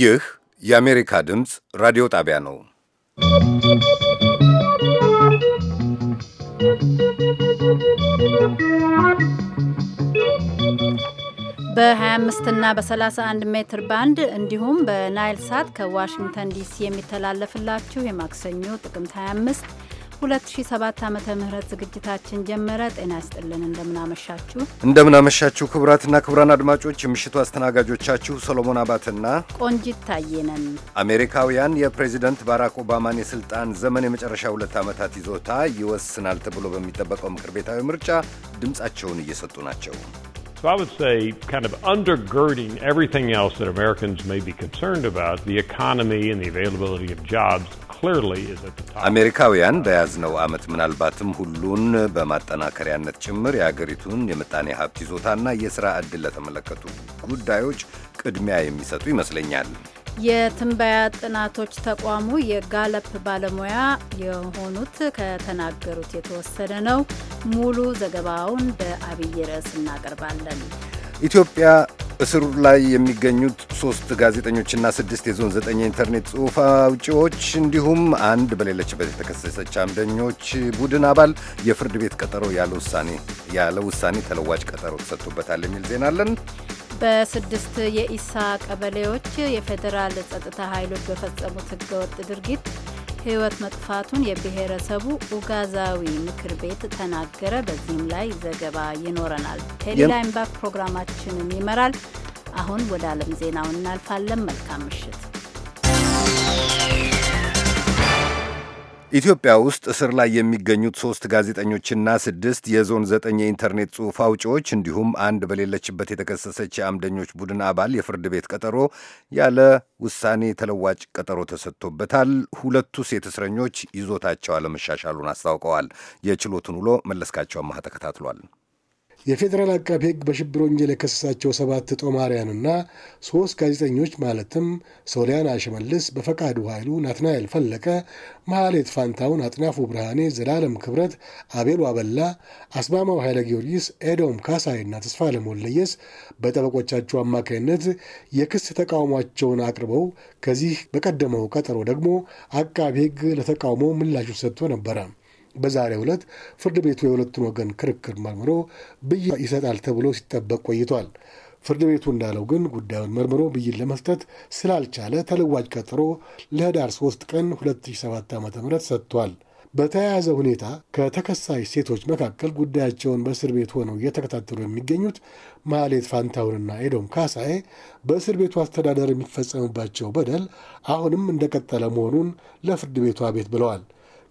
ይህ የአሜሪካ ድምፅ ራዲዮ ጣቢያ ነው። በ25 እና በ31 ሜትር ባንድ እንዲሁም በናይል ሳት ከዋሽንግተን ዲሲ የሚተላለፍላችሁ የማክሰኞ ጥቅምት 25 2007 ዓ ም ዝግጅታችን ጀመረ። ጤና ይስጥልን፣ እንደምናመሻችሁ እንደምናመሻችሁ ክቡራትና ክቡራን አድማጮች የምሽቱ አስተናጋጆቻችሁ ሰሎሞን አባትና ቆንጂት ታየነን። አሜሪካውያን የፕሬዚደንት ባራክ ኦባማን የሥልጣን ዘመን የመጨረሻ ሁለት ዓመታት ይዞታ ይወስናል ተብሎ በሚጠበቀው ምክር ቤታዊ ምርጫ ድምፃቸውን እየሰጡ ናቸው። So I would say, kind of undergirding everything else that Americans may be concerned about, the economy and the availability of jobs clearly is at the top. አሜሪካውያን በያዝነው ዓመት ምናልባትም ሁሉን በማጠናከሪያነት ጭምር የአገሪቱን የምጣኔ ሀብት ይዞታና የሥራ ዕድል ለተመለከቱ ጉዳዮች ቅድሚያ የሚሰጡ ይመስለኛል። የትንበያ ጥናቶች ተቋሙ የጋለፕ ባለሙያ የሆኑት ከተናገሩት የተወሰደ ነው። ሙሉ ዘገባውን በአብይ ርዕስ እናቀርባለን። ኢትዮጵያ እስር ላይ የሚገኙት ሶስት ጋዜጠኞችና ስድስት የዞን ዘጠኝ የኢንተርኔት ጽሑፍ አውጪዎች እንዲሁም አንድ በሌለችበት የተከሰሰች አምደኞች ቡድን አባል የፍርድ ቤት ቀጠሮ ያለ ውሳኔ ተለዋጭ ቀጠሮ ተሰጥቶበታል የሚል ዜና አለን። በስድስት የኢሳ ቀበሌዎች የፌዴራል ጸጥታ ኃይሎች በፈጸሙት ህገወጥ ድርጊት ህይወት መጥፋቱን የብሔረሰቡ ኡጋዛዊ ምክር ቤት ተናገረ። በዚህም ላይ ዘገባ ይኖረናል። ቴሌላይም ፕሮግራማችንን ይመራል። አሁን ወደ ዓለም ዜናው እናልፋለን። መልካም ምሽት። ኢትዮጵያ ውስጥ እስር ላይ የሚገኙት ሶስት ጋዜጠኞችና ስድስት የዞን ዘጠኝ የኢንተርኔት ጽሑፍ አውጪዎች እንዲሁም አንድ በሌለችበት የተከሰሰች የአምደኞች ቡድን አባል የፍርድ ቤት ቀጠሮ ያለ ውሳኔ ተለዋጭ ቀጠሮ ተሰጥቶበታል። ሁለቱ ሴት እስረኞች ይዞታቸው አለመሻሻሉን አስታውቀዋል። የችሎቱን ውሎ መለስካቸው አማሃ ተከታትሏል። የፌዴራል አቃቢ ሕግ በሽብር ወንጀል የከሰሳቸው ሰባት ጦማሪያንና ሶስት ጋዜጠኞች ማለትም ሶሊያና ሽመልስ፣ በፈቃዱ ኃይሉ፣ ናትናኤል ፈለቀ፣ መሐሌት ፋንታውን፣ አጥናፉ ብርሃኔ፣ ዘላለም ክብረት፣ አቤሉ አበላ፣ አስማማው ኃይለ ጊዮርጊስ፣ ኤዶም ካሳይና ተስፋ ለሞለየስ በጠበቆቻቸው አማካይነት የክስ ተቃውሟቸውን አቅርበው ከዚህ በቀደመው ቀጠሮ ደግሞ አቃቢ ሕግ ለተቃውሞ ምላሹ ሰጥቶ ነበረ። በዛሬው ዕለት ፍርድ ቤቱ የሁለቱን ወገን ክርክር መርምሮ ብይን ይሰጣል ተብሎ ሲጠበቅ ቆይቷል። ፍርድ ቤቱ እንዳለው ግን ጉዳዩን መርምሮ ብይን ለመስጠት ስላልቻለ ተለዋጭ ቀጠሮ ለህዳር 3 ቀን 2007 ዓ ም ሰጥቷል። በተያያዘ ሁኔታ ከተከሳሽ ሴቶች መካከል ጉዳያቸውን በእስር ቤት ሆነው እየተከታተሉ የሚገኙት ማህሌት ፋንታሁንና ኤዶም ካሳዬ በእስር ቤቱ አስተዳደር የሚፈጸምባቸው በደል አሁንም እንደቀጠለ መሆኑን ለፍርድ ቤቱ አቤት ብለዋል።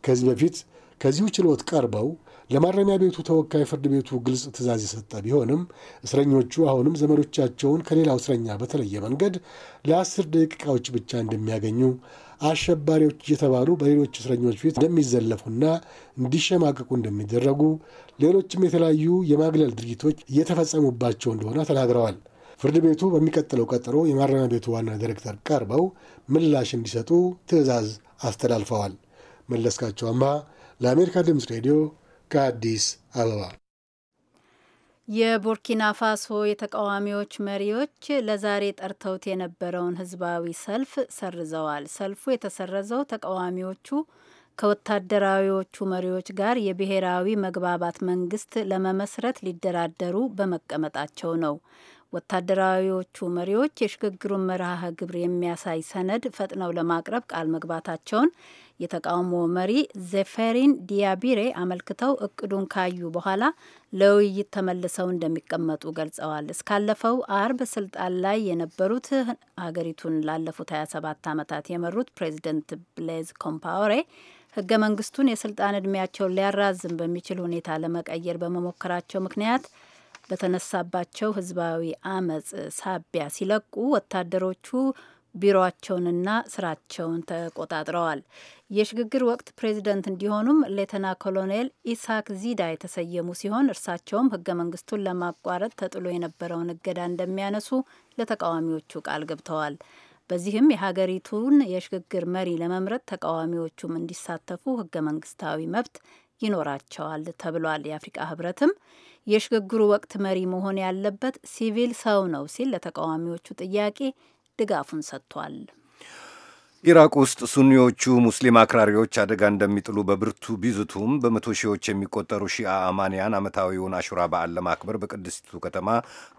ከዚህ በፊት ከዚሁ ችሎት ቀርበው ለማረሚያ ቤቱ ተወካይ ፍርድ ቤቱ ግልጽ ትዕዛዝ የሰጠ ቢሆንም እስረኞቹ አሁንም ዘመዶቻቸውን ከሌላው እስረኛ በተለየ መንገድ ለአስር ደቂቃዎች ብቻ እንደሚያገኙ አሸባሪዎች እየተባሉ በሌሎች እስረኞች ፊት እንደሚዘለፉና እንዲሸማቀቁ እንደሚደረጉ ሌሎችም የተለያዩ የማግለል ድርጊቶች እየተፈጸሙባቸው እንደሆነ ተናግረዋል። ፍርድ ቤቱ በሚቀጥለው ቀጠሮ የማረሚያ ቤቱ ዋና ዲሬክተር ቀርበው ምላሽ እንዲሰጡ ትዕዛዝ አስተላልፈዋል። መለስካቸው አምሃ ለአሜሪካ ድምፅ ሬዲዮ ከአዲስ አበባ። የቡርኪና ፋሶ የተቃዋሚዎች መሪዎች ለዛሬ ጠርተውት የነበረውን ህዝባዊ ሰልፍ ሰርዘዋል። ሰልፉ የተሰረዘው ተቃዋሚዎቹ ከወታደራዊዎቹ መሪዎች ጋር የብሔራዊ መግባባት መንግስት ለመመስረት ሊደራደሩ በመቀመጣቸው ነው። ወታደራዊዎቹ መሪዎች የሽግግሩን መርሃ ግብር የሚያሳይ ሰነድ ፈጥነው ለማቅረብ ቃል መግባታቸውን የተቃውሞ መሪ ዘፌሪን ዲያቢሬ አመልክተው እቅዱን ካዩ በኋላ ለውይይት ተመልሰው እንደሚቀመጡ ገልጸዋል። እስካለፈው አርብ ስልጣን ላይ የነበሩት ሀገሪቱን ላለፉት 27 ዓመታት የመሩት ፕሬዚደንት ብሌዝ ኮምፓወሬ ህገ መንግስቱን የስልጣን እድሜያቸውን ሊያራዝም በሚችል ሁኔታ ለመቀየር በመሞከራቸው ምክንያት በተነሳባቸው ህዝባዊ አመፅ ሳቢያ ሲለቁ ወታደሮቹ ቢሮቸውንና ስራቸውን ተቆጣጥረዋል። የሽግግር ወቅት ፕሬዚደንት እንዲሆኑም ሌተና ኮሎኔል ኢስሐቅ ዚዳ የተሰየሙ ሲሆን እርሳቸውም ህገ መንግስቱን ለማቋረጥ ተጥሎ የነበረውን እገዳ እንደሚያነሱ ለተቃዋሚዎቹ ቃል ገብተዋል። በዚህም የሀገሪቱን የሽግግር መሪ ለመምረጥ ተቃዋሚዎቹም እንዲሳተፉ ህገ መንግስታዊ መብት ይኖራቸዋል ተብሏል። የአፍሪቃ ህብረትም የሽግግሩ ወቅት መሪ መሆን ያለበት ሲቪል ሰው ነው ሲል ለተቃዋሚዎቹ ጥያቄ ድጋፉን ሰጥቷል። ኢራቅ ውስጥ ሱኒዎቹ ሙስሊም አክራሪዎች አደጋ እንደሚጥሉ በብርቱ ቢዝቱም በመቶ ሺዎች የሚቆጠሩ ሺአ አማንያን ዓመታዊውን አሹራ በዓል ለማክበር በቅድስቲቱ ከተማ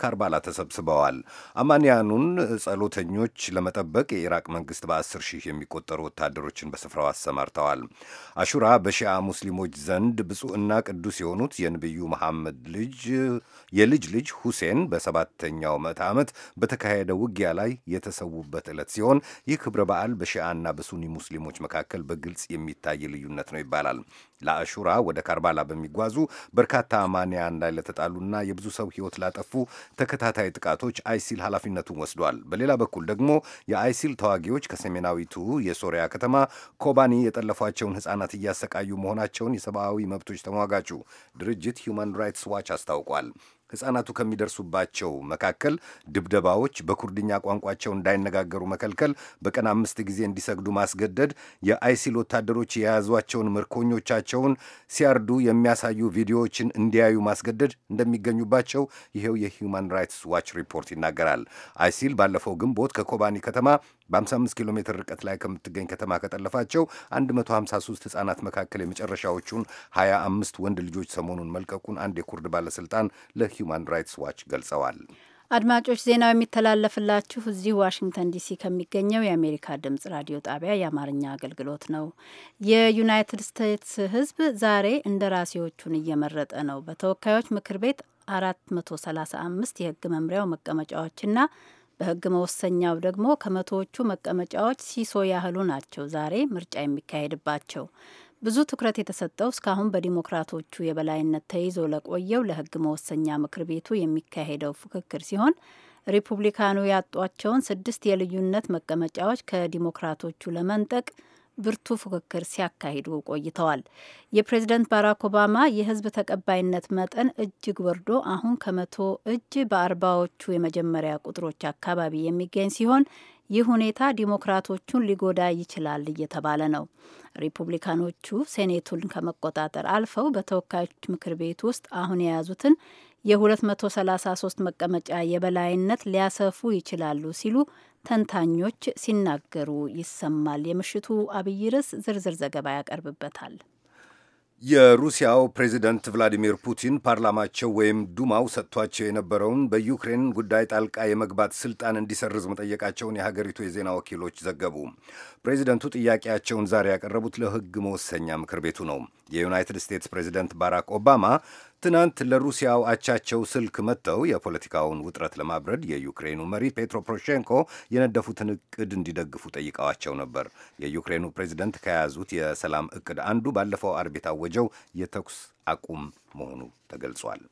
ካርባላ ተሰብስበዋል። አማንያኑን ጸሎተኞች ለመጠበቅ የኢራቅ መንግስት በአስር ሺህ የሚቆጠሩ ወታደሮችን በስፍራው አሰማርተዋል። አሹራ በሺአ ሙስሊሞች ዘንድ ብፁዕና ቅዱስ የሆኑት የነቢዩ መሐመድ ልጅ የልጅ ልጅ ሁሴን በሰባተኛው ምዕተ ዓመት በተካሄደ ውጊያ ላይ የተሰዉበት ዕለት ሲሆን ይህ ክብረ በዓል በሺአና በሱኒ ሙስሊሞች መካከል በግልጽ የሚታይ ልዩነት ነው ይባላል። ለአሹራ ወደ ካርባላ በሚጓዙ በርካታ አማንያን ላይ ለተጣሉና የብዙ ሰው ሕይወት ላጠፉ ተከታታይ ጥቃቶች አይሲል ኃላፊነቱን ወስዷል። በሌላ በኩል ደግሞ የአይሲል ተዋጊዎች ከሰሜናዊቱ የሶሪያ ከተማ ኮባኒ የጠለፏቸውን ሕጻናት እያሰቃዩ መሆናቸውን የሰብአዊ መብቶች ተሟጋቹ ድርጅት ሂውማን ራይትስ ዋች አስታውቋል። ሕፃናቱ ከሚደርሱባቸው መካከል ድብደባዎች፣ በኩርድኛ ቋንቋቸው እንዳይነጋገሩ መከልከል፣ በቀን አምስት ጊዜ እንዲሰግዱ ማስገደድ፣ የአይሲል ወታደሮች የያዟቸውን ምርኮኞቻቸውን ሲያርዱ የሚያሳዩ ቪዲዮዎችን እንዲያዩ ማስገደድ እንደሚገኙባቸው ይኸው የሂውማን ራይትስ ዋች ሪፖርት ይናገራል። አይሲል ባለፈው ግንቦት ከኮባኒ ከተማ በ55 ኪሎ ሜትር ርቀት ላይ ከምትገኝ ከተማ ከጠለፋቸው 153 ሕጻናት መካከል የመጨረሻዎቹን 25 ወንድ ልጆች ሰሞኑን መልቀቁን አንድ የኩርድ ባለስልጣን ለሂውማን ራይትስ ዋች ገልጸዋል። አድማጮች ዜናው የሚተላለፍላችሁ እዚህ ዋሽንግተን ዲሲ ከሚገኘው የአሜሪካ ድምጽ ራዲዮ ጣቢያ የአማርኛ አገልግሎት ነው። የዩናይትድ ስቴትስ ህዝብ ዛሬ እንደራሴዎቹን እየመረጠ ነው። በተወካዮች ምክር ቤት 435 የህግ መምሪያው መቀመጫዎችና በህግ መወሰኛው ደግሞ ከመቶዎቹ መቀመጫዎች ሲሶ ያህሉ ናቸው ዛሬ ምርጫ የሚካሄድባቸው። ብዙ ትኩረት የተሰጠው እስካሁን በዲሞክራቶቹ የበላይነት ተይዞ ለቆየው ለህግ መወሰኛ ምክር ቤቱ የሚካሄደው ፉክክር ሲሆን ሪፑብሊካኑ ያጧቸውን ስድስት የልዩነት መቀመጫዎች ከዲሞክራቶቹ ለመንጠቅ ብርቱ ፉክክር ሲያካሂዱ ቆይተዋል። የፕሬዝደንት ባራክ ኦባማ የህዝብ ተቀባይነት መጠን እጅግ ወርዶ አሁን ከመቶ እጅ በአርባዎቹ የመጀመሪያ ቁጥሮች አካባቢ የሚገኝ ሲሆን ይህ ሁኔታ ዲሞክራቶቹን ሊጎዳ ይችላል እየተባለ ነው። ሪፑብሊካኖቹ ሴኔቱን ከመቆጣጠር አልፈው በተወካዮች ምክር ቤት ውስጥ አሁን የያዙትን የ233 መቀመጫ የበላይነት ሊያሰፉ ይችላሉ ሲሉ ተንታኞች ሲናገሩ ይሰማል። የምሽቱ አብይ ርዕስ ዝርዝር ዘገባ ያቀርብበታል። የሩሲያው ፕሬዚደንት ቭላዲሚር ፑቲን ፓርላማቸው ወይም ዱማው ሰጥቷቸው የነበረውን በዩክሬን ጉዳይ ጣልቃ የመግባት ስልጣን እንዲሰርዝ መጠየቃቸውን የሀገሪቱ የዜና ወኪሎች ዘገቡ። ፕሬዚደንቱ ጥያቄያቸውን ዛሬ ያቀረቡት ለሕግ መወሰኛ ምክር ቤቱ ነው። የዩናይትድ ስቴትስ ፕሬዚደንት ባራክ ኦባማ ትናንት ለሩሲያው አቻቸው ስልክ መጥተው የፖለቲካውን ውጥረት ለማብረድ የዩክሬኑ መሪ ፔትሮ ፖሮሼንኮ የነደፉትን እቅድ እንዲደግፉ ጠይቀዋቸው ነበር። የዩክሬኑ ፕሬዚደንት ከያዙት የሰላም እቅድ አንዱ ባለፈው አርብ የታወጀው የተኩስ አቁም መሆኑ ተገልጿል።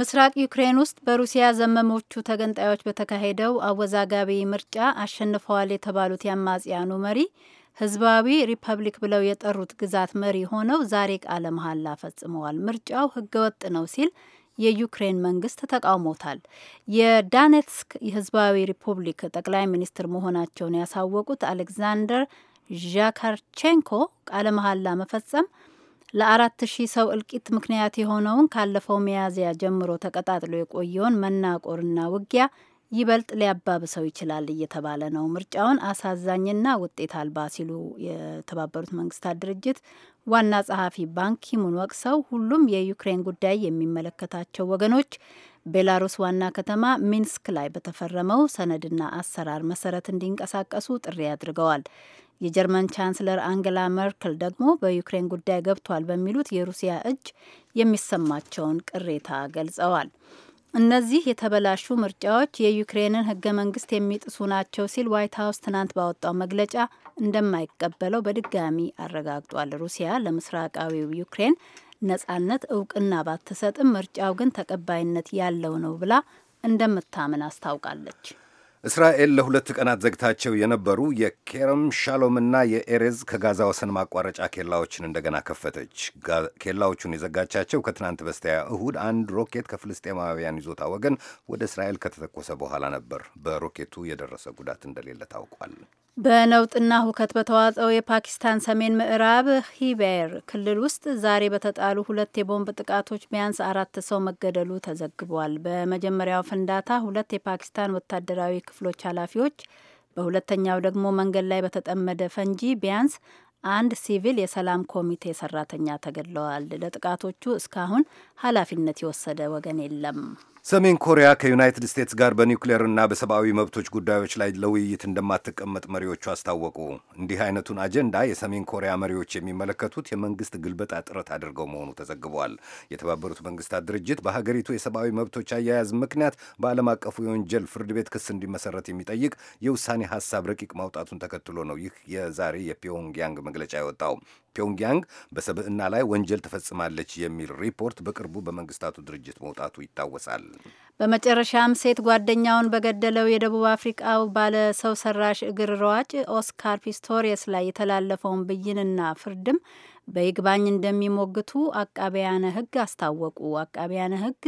ምስራቅ ዩክሬን ውስጥ በሩሲያ ዘመሞቹ ተገንጣዮች በተካሄደው አወዛጋቢ ምርጫ አሸንፈዋል የተባሉት የአማጽያኑ መሪ ህዝባዊ ሪፐብሊክ ብለው የጠሩት ግዛት መሪ ሆነው ዛሬ ቃለ መሐላ ፈጽመዋል። ምርጫው ህገወጥ ነው ሲል የዩክሬን መንግስት ተቃውሞታል። የዳኔትስክ ህዝባዊ ሪፑብሊክ ጠቅላይ ሚኒስትር መሆናቸውን ያሳወቁት አሌክዛንደር ዣካርቼንኮ ቃለ መሐላ መፈጸም ለአራት ሺህ ሰው እልቂት ምክንያት የሆነውን ካለፈው ሚያዝያ ጀምሮ ተቀጣጥሎ የቆየውን መናቆርና ውጊያ ይበልጥ ሊያባብሰው ይችላል እየተባለ ነው። ምርጫውን አሳዛኝና ውጤት አልባ ሲሉ የተባበሩት መንግስታት ድርጅት ዋና ጸሐፊ ባንኪሙን ወቅሰው ሁሉም የዩክሬን ጉዳይ የሚመለከታቸው ወገኖች ቤላሩስ ዋና ከተማ ሚንስክ ላይ በተፈረመው ሰነድና አሰራር መሰረት እንዲንቀሳቀሱ ጥሪ አድርገዋል። የጀርመን ቻንስለር አንገላ መርክል ደግሞ በዩክሬን ጉዳይ ገብቷል በሚሉት የሩሲያ እጅ የሚሰማቸውን ቅሬታ ገልጸዋል። እነዚህ የተበላሹ ምርጫዎች የዩክሬንን ህገ መንግስት የሚጥሱ ናቸው ሲል ዋይት ሀውስ ትናንት ባወጣው መግለጫ እንደማይቀበለው በድጋሚ አረጋግጧል። ሩሲያ ለምስራቃዊው ዩክሬን ነጻነት እውቅና ባትሰጥም ምርጫው ግን ተቀባይነት ያለው ነው ብላ እንደምታምን አስታውቃለች። እስራኤል ለሁለት ቀናት ዘግታቸው የነበሩ የኬረም ሻሎምና የኤሬዝ ከጋዛ ወሰን ማቋረጫ ኬላዎችን እንደገና ከፈተች። ኬላዎቹን የዘጋቻቸው ከትናንት በስቲያ እሁድ አንድ ሮኬት ከፍልስጤማውያን ይዞታ ወገን ወደ እስራኤል ከተተኮሰ በኋላ ነበር። በሮኬቱ የደረሰ ጉዳት እንደሌለ ታውቋል። በነውጥና ሁከት በተዋጠው የፓኪስታን ሰሜን ምዕራብ ሂቤር ክልል ውስጥ ዛሬ በተጣሉ ሁለት የቦምብ ጥቃቶች ቢያንስ አራት ሰው መገደሉ ተዘግቧል። በመጀመሪያው ፍንዳታ ሁለት የፓኪስታን ወታደራዊ ክፍሎች ኃላፊዎች፣ በሁለተኛው ደግሞ መንገድ ላይ በተጠመደ ፈንጂ ቢያንስ አንድ ሲቪል የሰላም ኮሚቴ ሰራተኛ ተገድለዋል። ለጥቃቶቹ እስካሁን ኃላፊነት የወሰደ ወገን የለም። ሰሜን ኮሪያ ከዩናይትድ ስቴትስ ጋር በኒውክሌርና በሰብአዊ መብቶች ጉዳዮች ላይ ለውይይት እንደማትቀመጥ መሪዎቹ አስታወቁ። እንዲህ አይነቱን አጀንዳ የሰሜን ኮሪያ መሪዎች የሚመለከቱት የመንግስት ግልበጣ ጥረት አድርገው መሆኑ ተዘግቧል። የተባበሩት መንግስታት ድርጅት በሀገሪቱ የሰብአዊ መብቶች አያያዝ ምክንያት በዓለም አቀፉ የወንጀል ፍርድ ቤት ክስ እንዲመሰረት የሚጠይቅ የውሳኔ ሀሳብ ረቂቅ ማውጣቱን ተከትሎ ነው ይህ የዛሬ የፒዮንግያንግ መግለጫ የወጣው። ፒዮንግያንግ በሰብዕና ላይ ወንጀል ትፈጽማለች የሚል ሪፖርት በቅርቡ በመንግስታቱ ድርጅት መውጣቱ ይታወሳል። በመጨረሻም ሴት ጓደኛውን በገደለው የደቡብ አፍሪቃው ባለ ሰው ሰራሽ እግር ሯጭ ኦስካር ፒስቶሪየስ ላይ የተላለፈውን ብይንና ፍርድም በይግባኝ እንደሚሞግቱ አቃቢያነ ሕግ አስታወቁ። አቃቢያነ ሕግ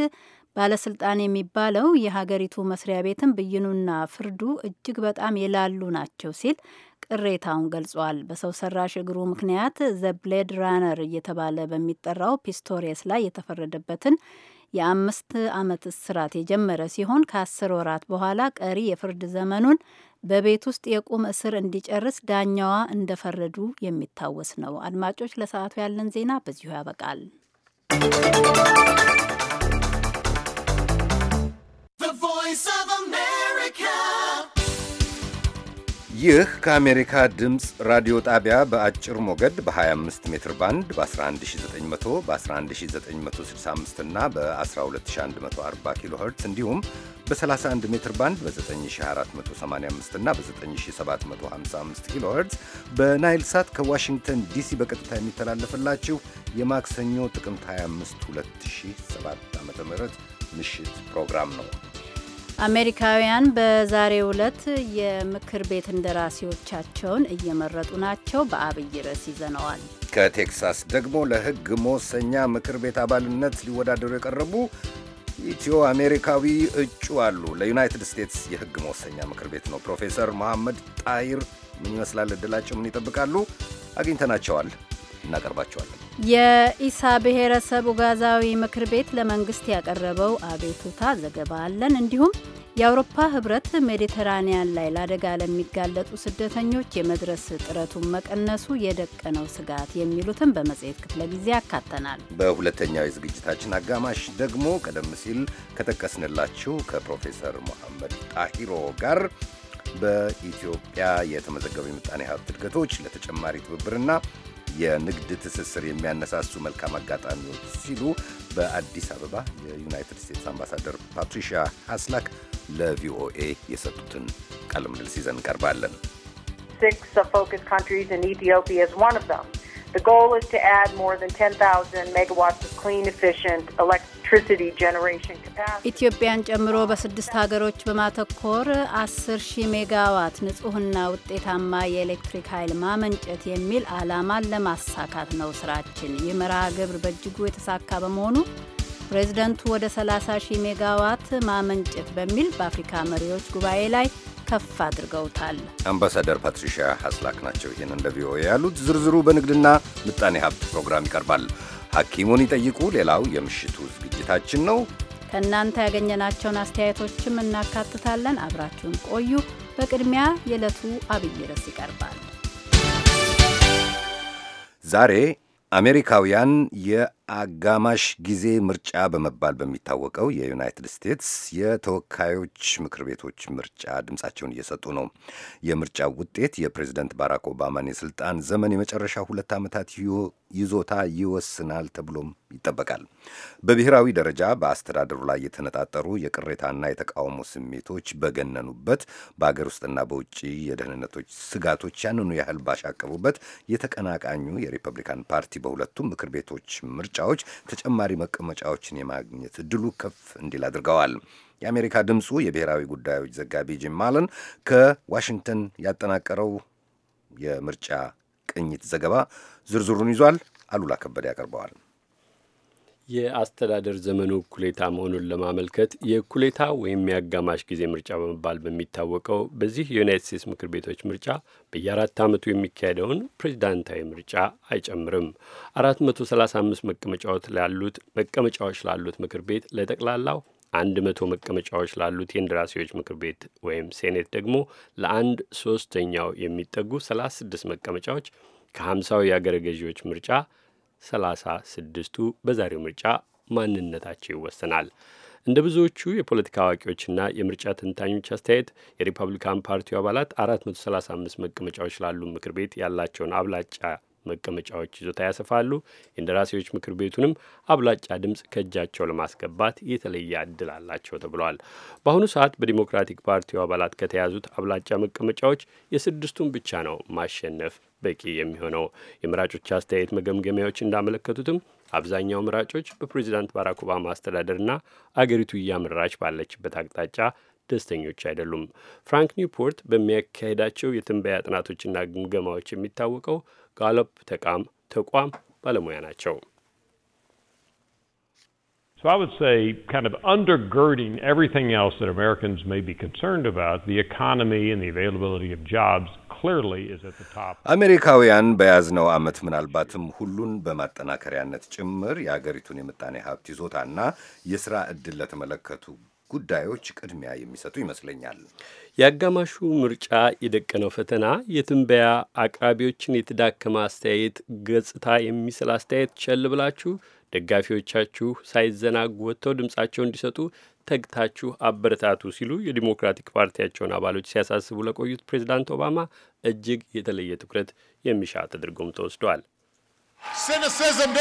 ባለስልጣን የሚባለው የሀገሪቱ መስሪያ ቤትም ብይኑና ፍርዱ እጅግ በጣም የላሉ ናቸው ሲል ቅሬታውን ገልጿል። በሰው ሰራሽ እግሩ ምክንያት ዘብሌድ ራነር እየተባለ በሚጠራው ፒስቶሪየስ ላይ የተፈረደበትን የአምስት ዓመት እስራት የጀመረ ሲሆን ከአስር ወራት በኋላ ቀሪ የፍርድ ዘመኑን በቤት ውስጥ የቁም እስር እንዲጨርስ ዳኛዋ እንደፈረዱ የሚታወስ ነው። አድማጮች፣ ለሰዓቱ ያለን ዜና በዚሁ ያበቃል። ይህ ከአሜሪካ ድምፅ ራዲዮ ጣቢያ በአጭር ሞገድ በ25 ሜትር ባንድ በ11900 በ11965 እና በ12140 ኪሎ ኸርትዝ እንዲሁም በ31 ሜትር ባንድ በ9485 እና በ9755 ኪሎ ኸርትዝ በናይል ሳት ከዋሽንግተን ዲሲ በቀጥታ የሚተላለፍላችሁ የማክሰኞ ጥቅምት 25 2007 ም ምሽት ፕሮግራም ነው። አሜሪካውያን በዛሬው ዕለት የምክር ቤት እንደራሴዎቻቸውን እየመረጡ ናቸው። በአብይ ርዕስ ይዘነዋል። ከቴክሳስ ደግሞ ለሕግ መወሰኛ ምክር ቤት አባልነት ሊወዳደሩ የቀረቡ ኢትዮ አሜሪካዊ እጩ አሉ። ለዩናይትድ ስቴትስ የሕግ መወሰኛ ምክር ቤት ነው። ፕሮፌሰር መሐመድ ጣይር ምን ይመስላል? እድላቸው ምን ይጠብቃሉ? አግኝተናቸዋል። እናቀርባቸዋለን። የኢሳ ብሔረሰብ ኡጋዛዊ ምክር ቤት ለመንግስት ያቀረበው አቤቱታ ዘገባ አለን። እንዲሁም የአውሮፓ ህብረት ሜዲተራኒያን ላይ ለአደጋ ለሚጋለጡ ስደተኞች የመድረስ ጥረቱን መቀነሱ የደቀነው ስጋት የሚሉትን በመጽሔት ክፍለ ጊዜ ያካተናል። በሁለተኛው የዝግጅታችን አጋማሽ ደግሞ ቀደም ሲል ከጠቀስንላችሁ ከፕሮፌሰር መሐመድ ጣሂሮ ጋር በኢትዮጵያ የተመዘገበ የምጣኔ ሀብት እድገቶች ለተጨማሪ ትብብርና የንግድ ትስስር የሚያነሳሱ መልካም አጋጣሚዎች ሲሉ በአዲስ አበባ የዩናይትድ ስቴትስ አምባሳደር ፓትሪሻ ሀስላክ ለቪኦኤ የሰጡትን ቃለ ምልልስ ይዘን እንቀርባለን። Six of focus countries Ethiopia is one of them. The goal is to add more than 10,000 megawatts of clean, efficient electricity generation capacity. ኢትዮጵያን ጨምሮ በስድስት ሀገሮች በማተኮር 10 ሺህ ሜጋዋት ንጹህና ውጤታማ የኤሌክትሪክ ኃይል ማመንጨት የሚል ዓላማን ለማሳካት ነው ስራችን። ይህ መርሃ ግብር በእጅጉ የተሳካ በመሆኑ ፕሬዚደንቱ ወደ 30 ሺህ ሜጋዋት ማመንጨት በሚል በአፍሪካ መሪዎች ጉባኤ ላይ ከፍ አድርገውታል። አምባሳደር ፓትሪሺያ ሀስላክ ናቸው ይህንን ለቪኦኤ ያሉት። ዝርዝሩ በንግድና ምጣኔ ሀብት ፕሮግራም ይቀርባል። ሐኪሙን ይጠይቁ ሌላው የምሽቱ ዝግጅታችን ነው። ከእናንተ ያገኘናቸውን አስተያየቶችም እናካትታለን። አብራችሁን ቆዩ። በቅድሚያ የዕለቱ አብይ ርዕስ ይቀርባል። ዛሬ አሜሪካውያን አጋማሽ ጊዜ ምርጫ በመባል በሚታወቀው የዩናይትድ ስቴትስ የተወካዮች ምክር ቤቶች ምርጫ ድምፃቸውን እየሰጡ ነው። የምርጫው ውጤት የፕሬዝደንት ባራክ ኦባማን የስልጣን ዘመን የመጨረሻ ሁለት ዓመታት ይዞታ ይወስናል ተብሎም ይጠበቃል። በብሔራዊ ደረጃ በአስተዳደሩ ላይ የተነጣጠሩ የቅሬታና የተቃውሞ ስሜቶች በገነኑበት፣ በአገር ውስጥና በውጭ የደህንነቶች ስጋቶች ያንኑ ያህል ባሻቀቡበት የተቀናቃኙ የሪፐብሊካን ፓርቲ በሁለቱም ምክር ቤቶች ምርጫ ምርጫዎች ተጨማሪ መቀመጫዎችን የማግኘት እድሉ ከፍ እንዲል አድርገዋል። የአሜሪካ ድምፁ የብሔራዊ ጉዳዮች ዘጋቢ ጂም ማለን ከዋሽንግተን ያጠናቀረው የምርጫ ቅኝት ዘገባ ዝርዝሩን ይዟል። አሉላ ከበደ ያቀርበዋል። የአስተዳደር ዘመኑ እኩሌታ መሆኑን ለማመልከት የእኩሌታ ወይም የአጋማሽ ጊዜ ምርጫ በመባል በሚታወቀው በዚህ የዩናይት ስቴትስ ምክር ቤቶች ምርጫ በየአራት ዓመቱ የሚካሄደውን ፕሬዚዳንታዊ ምርጫ አይጨምርም። 435 መቀመጫዎች ላሉት መቀመጫዎች ላሉት ምክር ቤት ለጠቅላላው አንድ መቶ መቀመጫዎች ላሉት የእንደራሴዎች ምክር ቤት ወይም ሴኔት ደግሞ ለአንድ ሶስተኛው የሚጠጉ 36 መቀመጫዎች ከ50ው የአገረ ገዢዎች ምርጫ ሰላሳ ስድስቱ በዛሬው ምርጫ ማንነታቸው ይወሰናል። እንደ ብዙዎቹ የፖለቲካ አዋቂዎችና የምርጫ ተንታኞች አስተያየት የሪፐብሊካን ፓርቲው አባላት 435 መቀመጫዎች ላሉ ምክር ቤት ያላቸውን አብላጫ መቀመጫዎች ይዞታ ያሰፋሉ። የእንደራሴዎች ምክር ቤቱንም አብላጫ ድምፅ ከእጃቸው ለማስገባት የተለየ እድል አላቸው ተብሏል። በአሁኑ ሰዓት በዲሞክራቲክ ፓርቲው አባላት ከተያዙት አብላጫ መቀመጫዎች የስድስቱን ብቻ ነው ማሸነፍ በቂ የሚሆነው። የመራጮች አስተያየት መገምገሚያዎች እንዳመለከቱትም አብዛኛው መራጮች በፕሬዚዳንት ባራክ ኦባማ አስተዳደርና አገሪቱ እያመራች ባለችበት አቅጣጫ ደስተኞች አይደሉም። ፍራንክ ኒውፖርት በሚያካሄዳቸው የትንበያ ጥናቶችና ግምገማዎች የሚታወቀው ጋሎፕ ተቋም ተቋም ባለሙያ ናቸው። So I would say, kind of undergirding everything else that Americans may be concerned about, the economy and the availability of jobs, አሜሪካውያን በያዝነው ዓመት ምናልባትም ሁሉን በማጠናከሪያነት ጭምር የአገሪቱን የምጣኔ ሀብት ይዞታና የስራ ዕድል ለተመለከቱ ጉዳዮች ቅድሚያ የሚሰጡ ይመስለኛል። የአጋማሹ ምርጫ የደቀነው ፈተና የትንበያ አቅራቢዎችን የተዳከመ አስተያየት ገጽታ የሚስል አስተያየት ቸል ብላችሁ ደጋፊዎቻችሁ ሳይዘናጉ ወጥተው ድምጻቸው እንዲሰጡ ተግታችሁ አበረታቱ ሲሉ የዲሞክራቲክ ፓርቲያቸውን አባሎች ሲያሳስቡ ለቆዩት ፕሬዚዳንት ኦባማ እጅግ የተለየ ትኩረት የሚሻ ተደርጎም ተወስዷል። ሲኒሲዝም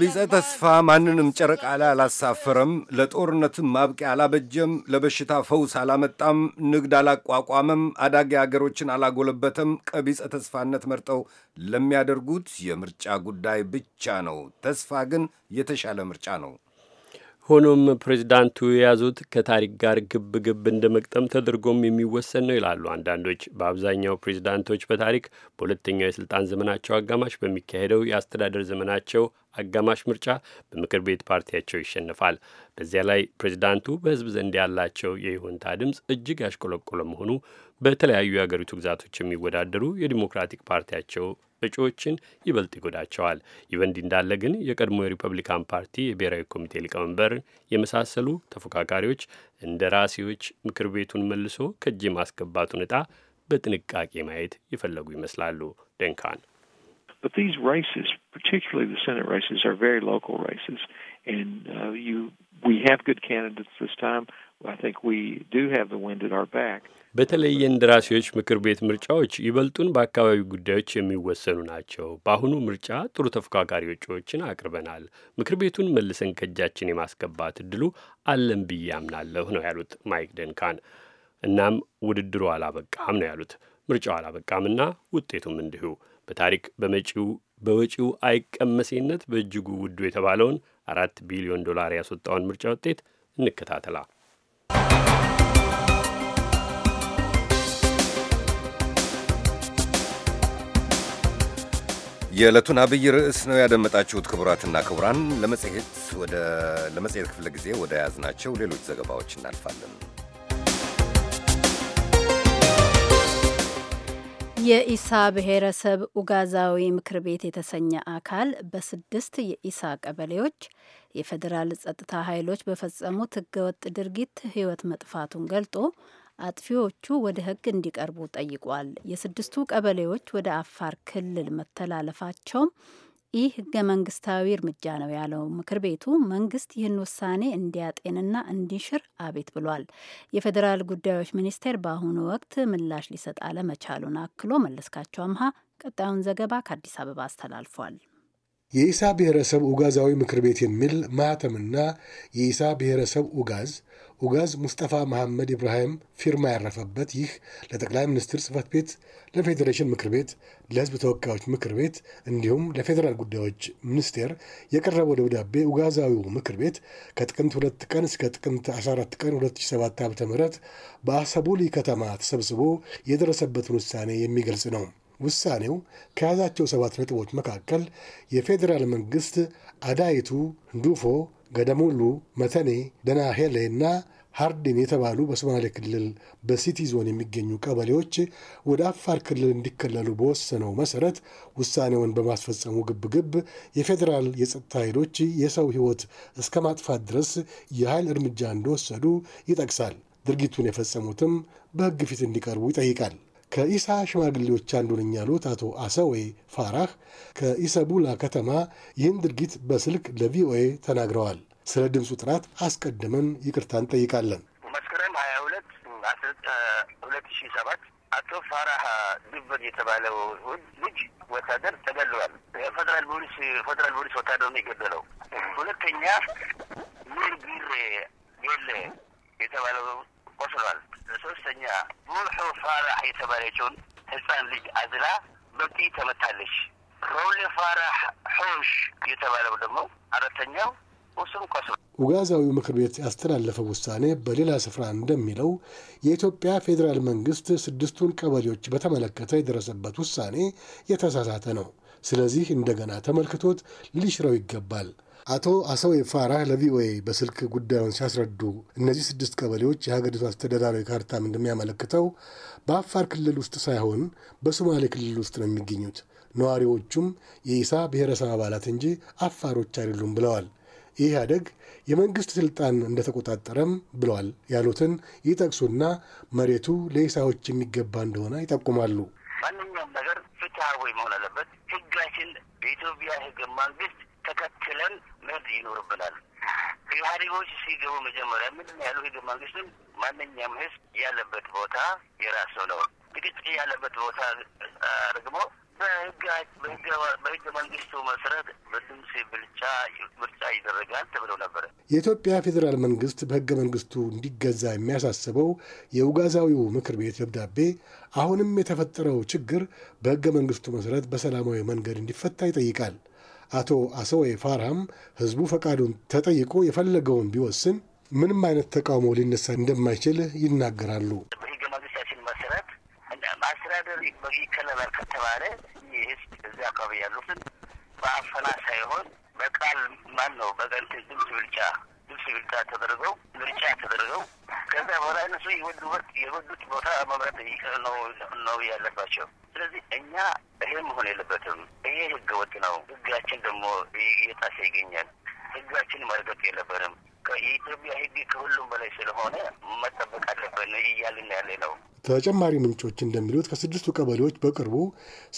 ቢጸ ተስፋ ማንንም ጨረቃ ላይ አላሳፈረም፣ ለጦርነትም ማብቂያ አላበጀም፣ ለበሽታ ፈውስ አላመጣም፣ ንግድ አላቋቋመም፣ አዳጊ አገሮችን አላጎለበተም። ቀቢጸ ተስፋነት መርጠው ለሚያደርጉት የምርጫ ጉዳይ ብቻ ነው። ተስፋ ግን የተሻለ ምርጫ ነው። ሆኖም ፕሬዚዳንቱ የያዙት ከታሪክ ጋር ግብ ግብ እንደ መቅጠም ተደርጎም የሚወሰን ነው ይላሉ አንዳንዶች። በአብዛኛው ፕሬዚዳንቶች በታሪክ በሁለተኛው የስልጣን ዘመናቸው አጋማሽ በሚካሄደው የአስተዳደር ዘመናቸው አጋማሽ ምርጫ በምክር ቤት ፓርቲያቸው ይሸንፋል። በዚያ ላይ ፕሬዚዳንቱ በሕዝብ ዘንድ ያላቸው የይሁንታ ድምፅ እጅግ ያሽቆለቆለ መሆኑ በተለያዩ የአገሪቱ ግዛቶች የሚወዳደሩ የዲሞክራቲክ ፓርቲያቸው እጩዎችን ይበልጥ ይጎዳቸዋል። ይህ እንዳለ ግን የቀድሞ የሪፐብሊካን ፓርቲ የብሔራዊ ኮሚቴ ሊቀመንበር የመሳሰሉ ተፎካካሪዎች እንደራሴዎች ምክር ቤቱን መልሶ ከእጅ ማስገባቱን ዕጣ በጥንቃቄ ማየት የፈለጉ ይመስላሉ። ደንካን But በተለይ የእንደራሴዎች ምክር ቤት ምርጫዎች ይበልጡን በአካባቢ ጉዳዮች የሚወሰኑ ናቸው። በአሁኑ ምርጫ ጥሩ ተፎካካሪ እጩዎችን አቅርበናል። ምክር ቤቱን መልሰን ከእጃችን የማስገባት እድሉ አለን ብዬ አምናለሁ ነው ያሉት ማይክ ደንካን። እናም ውድድሩ አላበቃም ነው ያሉት። ምርጫው አላበቃምና ውጤቱም እንዲሁ በታሪክ በመጪው በወጪው አይቀመሴነት በእጅጉ ውዱ የተባለውን አራት ቢሊዮን ዶላር ያስወጣውን ምርጫ ውጤት እንከታተላ የዕለቱን አብይ ርዕስ ነው ያደመጣችሁት። ክቡራትና ክቡራን፣ ለመጽሔት ክፍለ ጊዜ ወደ ያዝናቸው ሌሎች ዘገባዎች እናልፋለን። የኢሳ ብሔረሰብ ኡጋዛዊ ምክር ቤት የተሰኘ አካል በስድስት የኢሳ ቀበሌዎች የፌዴራል ጸጥታ ኃይሎች በፈጸሙት ህገወጥ ድርጊት ህይወት መጥፋቱን ገልጦ አጥፊዎቹ ወደ ህግ እንዲቀርቡ ጠይቋል። የስድስቱ ቀበሌዎች ወደ አፋር ክልል መተላለፋቸውም ይህ ህገ መንግስታዊ እርምጃ ነው ያለው ምክር ቤቱ መንግስት ይህን ውሳኔ እንዲያጤንና እንዲሽር አቤት ብሏል። የፌዴራል ጉዳዮች ሚኒስቴር በአሁኑ ወቅት ምላሽ ሊሰጥ አለመቻሉን አክሎ መለስካቸው አምሃ ቀጣዩን ዘገባ ከአዲስ አበባ አስተላልፏል። የኢሳ ብሔረሰብ ኡጋዛዊ ምክር ቤት የሚል ማህተምና የኢሳ ብሔረሰብ ኡጋዝ ኡጋዝ ሙስጠፋ መሐመድ ኢብራሂም ፊርማ ያረፈበት ይህ ለጠቅላይ ሚኒስትር ጽህፈት ቤት፣ ለፌዴሬሽን ምክር ቤት፣ ለህዝብ ተወካዮች ምክር ቤት እንዲሁም ለፌዴራል ጉዳዮች ሚኒስቴር የቀረበው ደብዳቤ ኡጋዛዊው ምክር ቤት ከጥቅምት 2 ቀን እስከ ጥቅምት 14 ቀን 2007 ዓ ም በአሰቡሊ ከተማ ተሰብስቦ የደረሰበትን ውሳኔ የሚገልጽ ነው። ውሳኔው ከያዛቸው ሰባት ነጥቦች መካከል የፌዴራል መንግስት አዳይቱ፣ ዱፎ፣ ገደሙሉ፣ መተኔ፣ ደናሄሌ እና ሃርዲን የተባሉ በሶማሌ ክልል በሲቲ ዞን የሚገኙ ቀበሌዎች ወደ አፋር ክልል እንዲከለሉ በወሰነው መሰረት ውሳኔውን በማስፈጸሙ ግብግብ የፌዴራል የጸጥታ ኃይሎች የሰው ሕይወት እስከ ማጥፋት ድረስ የኃይል እርምጃ እንደወሰዱ ይጠቅሳል። ድርጊቱን የፈጸሙትም በሕግ ፊት እንዲቀርቡ ይጠይቃል። ከኢሳ ሽማግሌዎች አንዱ ነኝ ያሉት አቶ አሰወይ ፋራህ ከኢሰቡላ ከተማ ይህን ድርጊት በስልክ ለቪኦኤ ተናግረዋል። ስለ ድምፁ ጥራት አስቀድመን ይቅርታ እንጠይቃለን። መስከረም ሀያ ሁለት ሁለት ሺ ሰባት አቶ ፋራህ ድበድ የተባለው ልጅ ወታደር ተገለዋል። ፌደራል ፖሊስ ፌደራል ፖሊስ ወታደር ነው የገደለው። ሁለተኛ ቢር የለ የተባለው ቆስሏል። ሶስተኛ ሙልሑ ፋራህ የተባለችውን ህፃን ልጅ አዝላ በቂ ተመታለች። ሮሌ ፋራህ ሑሽ የተባለው ደግሞ አራተኛው እሱም ቆስሎ ኡጋዛዊ ምክር ቤት ያስተላለፈው ውሳኔ በሌላ ስፍራ እንደሚለው የኢትዮጵያ ፌዴራል መንግስት ስድስቱን ቀበሌዎች በተመለከተ የደረሰበት ውሳኔ የተሳሳተ ነው። ስለዚህ እንደገና ተመልክቶት ሊሽረው ይገባል። አቶ አሰው ፋራህ ለቪኦኤ በስልክ ጉዳዩን ሲያስረዱ እነዚህ ስድስት ቀበሌዎች የሀገሪቱ አስተዳዳሪ ካርታም እንደሚያመለክተው በአፋር ክልል ውስጥ ሳይሆን በሶማሌ ክልል ውስጥ ነው የሚገኙት። ነዋሪዎቹም የኢሳ ብሔረሰብ አባላት እንጂ አፋሮች አይደሉም ብለዋል። ይህ ኢህአደግ የመንግስት ስልጣን እንደተቆጣጠረም ብለዋል ያሉትን ይጠቅሱና መሬቱ ለኢሳዎች የሚገባ እንደሆነ ይጠቁማሉ። ማንኛውም ነገር ፍትሐዊ መሆን አለበት። ህጋችን በኢትዮጵያ ህገ መንግስት ተከትለን መሄድ ይኖርብናል። ኢህአዴጎች ሲገቡ መጀመሪያ ምንድን ያሉ ህገ መንግስትን ማንኛውም ህዝብ ያለበት ቦታ የራሱ ነው። ግጭት ያለበት ቦታ ደግሞ በህገ መንግስቱ መሰረት በድምፅ ብልጫ ምርጫ ይደረጋል ተብሎ ነበረ። የኢትዮጵያ ፌዴራል መንግስት በህገ መንግስቱ እንዲገዛ የሚያሳስበው የውጋዛዊው ምክር ቤት ደብዳቤ አሁንም የተፈጠረው ችግር በህገ መንግስቱ መሰረት በሰላማዊ መንገድ እንዲፈታ ይጠይቃል። አቶ አሰወይ ፋርሃም ህዝቡ ፈቃዱን ተጠይቆ የፈለገውን ቢወስን ምንም አይነት ተቃውሞ ሊነሳ እንደማይችል ይናገራሉ። በህገ መንግስታችን መሰረት ማስተዳደር ይከለላል ከተባለ ህዝብ አካባቢ ያሉትን በአፈና ሳይሆን በቃል ማን ነው ድምፅ ብልጫ ድምፅ ብልጫ ተደርገው ምርጫ ተደርገው ከዛ በኋላ እነሱ የወዱት ቦታ መምረጥ ነው ያለባቸው። ስለዚህ እኛ ይሄ መሆን የለበትም። ይሄ ነው። ህጋችን ደግሞ እየጣሰ ይገኛል። ህጋችን መርገጥ የለበንም። ከኢትዮጵያ ህግ ከሁሉም በላይ ስለሆነ መጠበቅ አለብን እያልን ያለ ነው። ተጨማሪ ምንጮች እንደሚሉት ከስድስቱ ቀበሌዎች በቅርቡ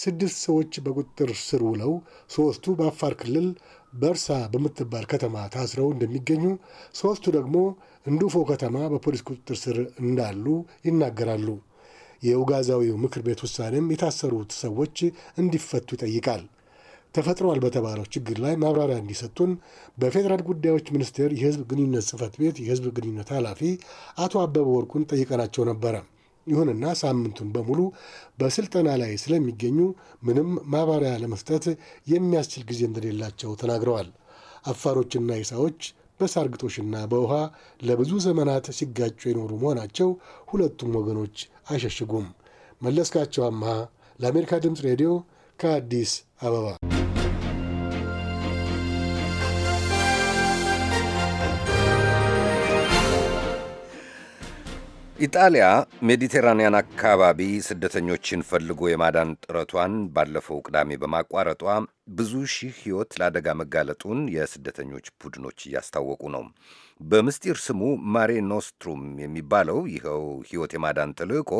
ስድስት ሰዎች በቁጥጥር ስር ውለው ሶስቱ በአፋር ክልል በርሳ በምትባል ከተማ ታስረው እንደሚገኙ፣ ሶስቱ ደግሞ እንዱፎ ከተማ በፖሊስ ቁጥጥር ስር እንዳሉ ይናገራሉ። የኡጋዛዊው ምክር ቤት ውሳኔም የታሰሩት ሰዎች እንዲፈቱ ይጠይቃል። ተፈጥሯል በተባለው ችግር ላይ ማብራሪያ እንዲሰጡን በፌዴራል ጉዳዮች ሚኒስቴር የህዝብ ግንኙነት ጽህፈት ቤት የህዝብ ግንኙነት ኃላፊ አቶ አበበ ወርቁን ጠይቀናቸው ነበረ። ይሁንና ሳምንቱን በሙሉ በስልጠና ላይ ስለሚገኙ ምንም ማብራሪያ ለመስጠት የሚያስችል ጊዜ እንደሌላቸው ተናግረዋል። አፋሮችና ይሳዎች በሳርግጦሽና በውሃ ለብዙ ዘመናት ሲጋጩ የኖሩ መሆናቸው ሁለቱም ወገኖች አይሸሽጉም። መለስካቸው አምሃ ለአሜሪካ ድምፅ ሬዲዮ ከአዲስ አበባ ኢጣሊያ ሜዲቴራንያን አካባቢ ስደተኞችን ፈልጎ የማዳን ጥረቷን ባለፈው ቅዳሜ በማቋረጧ ብዙ ሺህ ሕይወት ለአደጋ መጋለጡን የስደተኞች ቡድኖች እያስታወቁ ነው። በምስጢር ስሙ ማሬ ኖስትሩም የሚባለው ይኸው ሕይወት የማዳን ተልዕቆ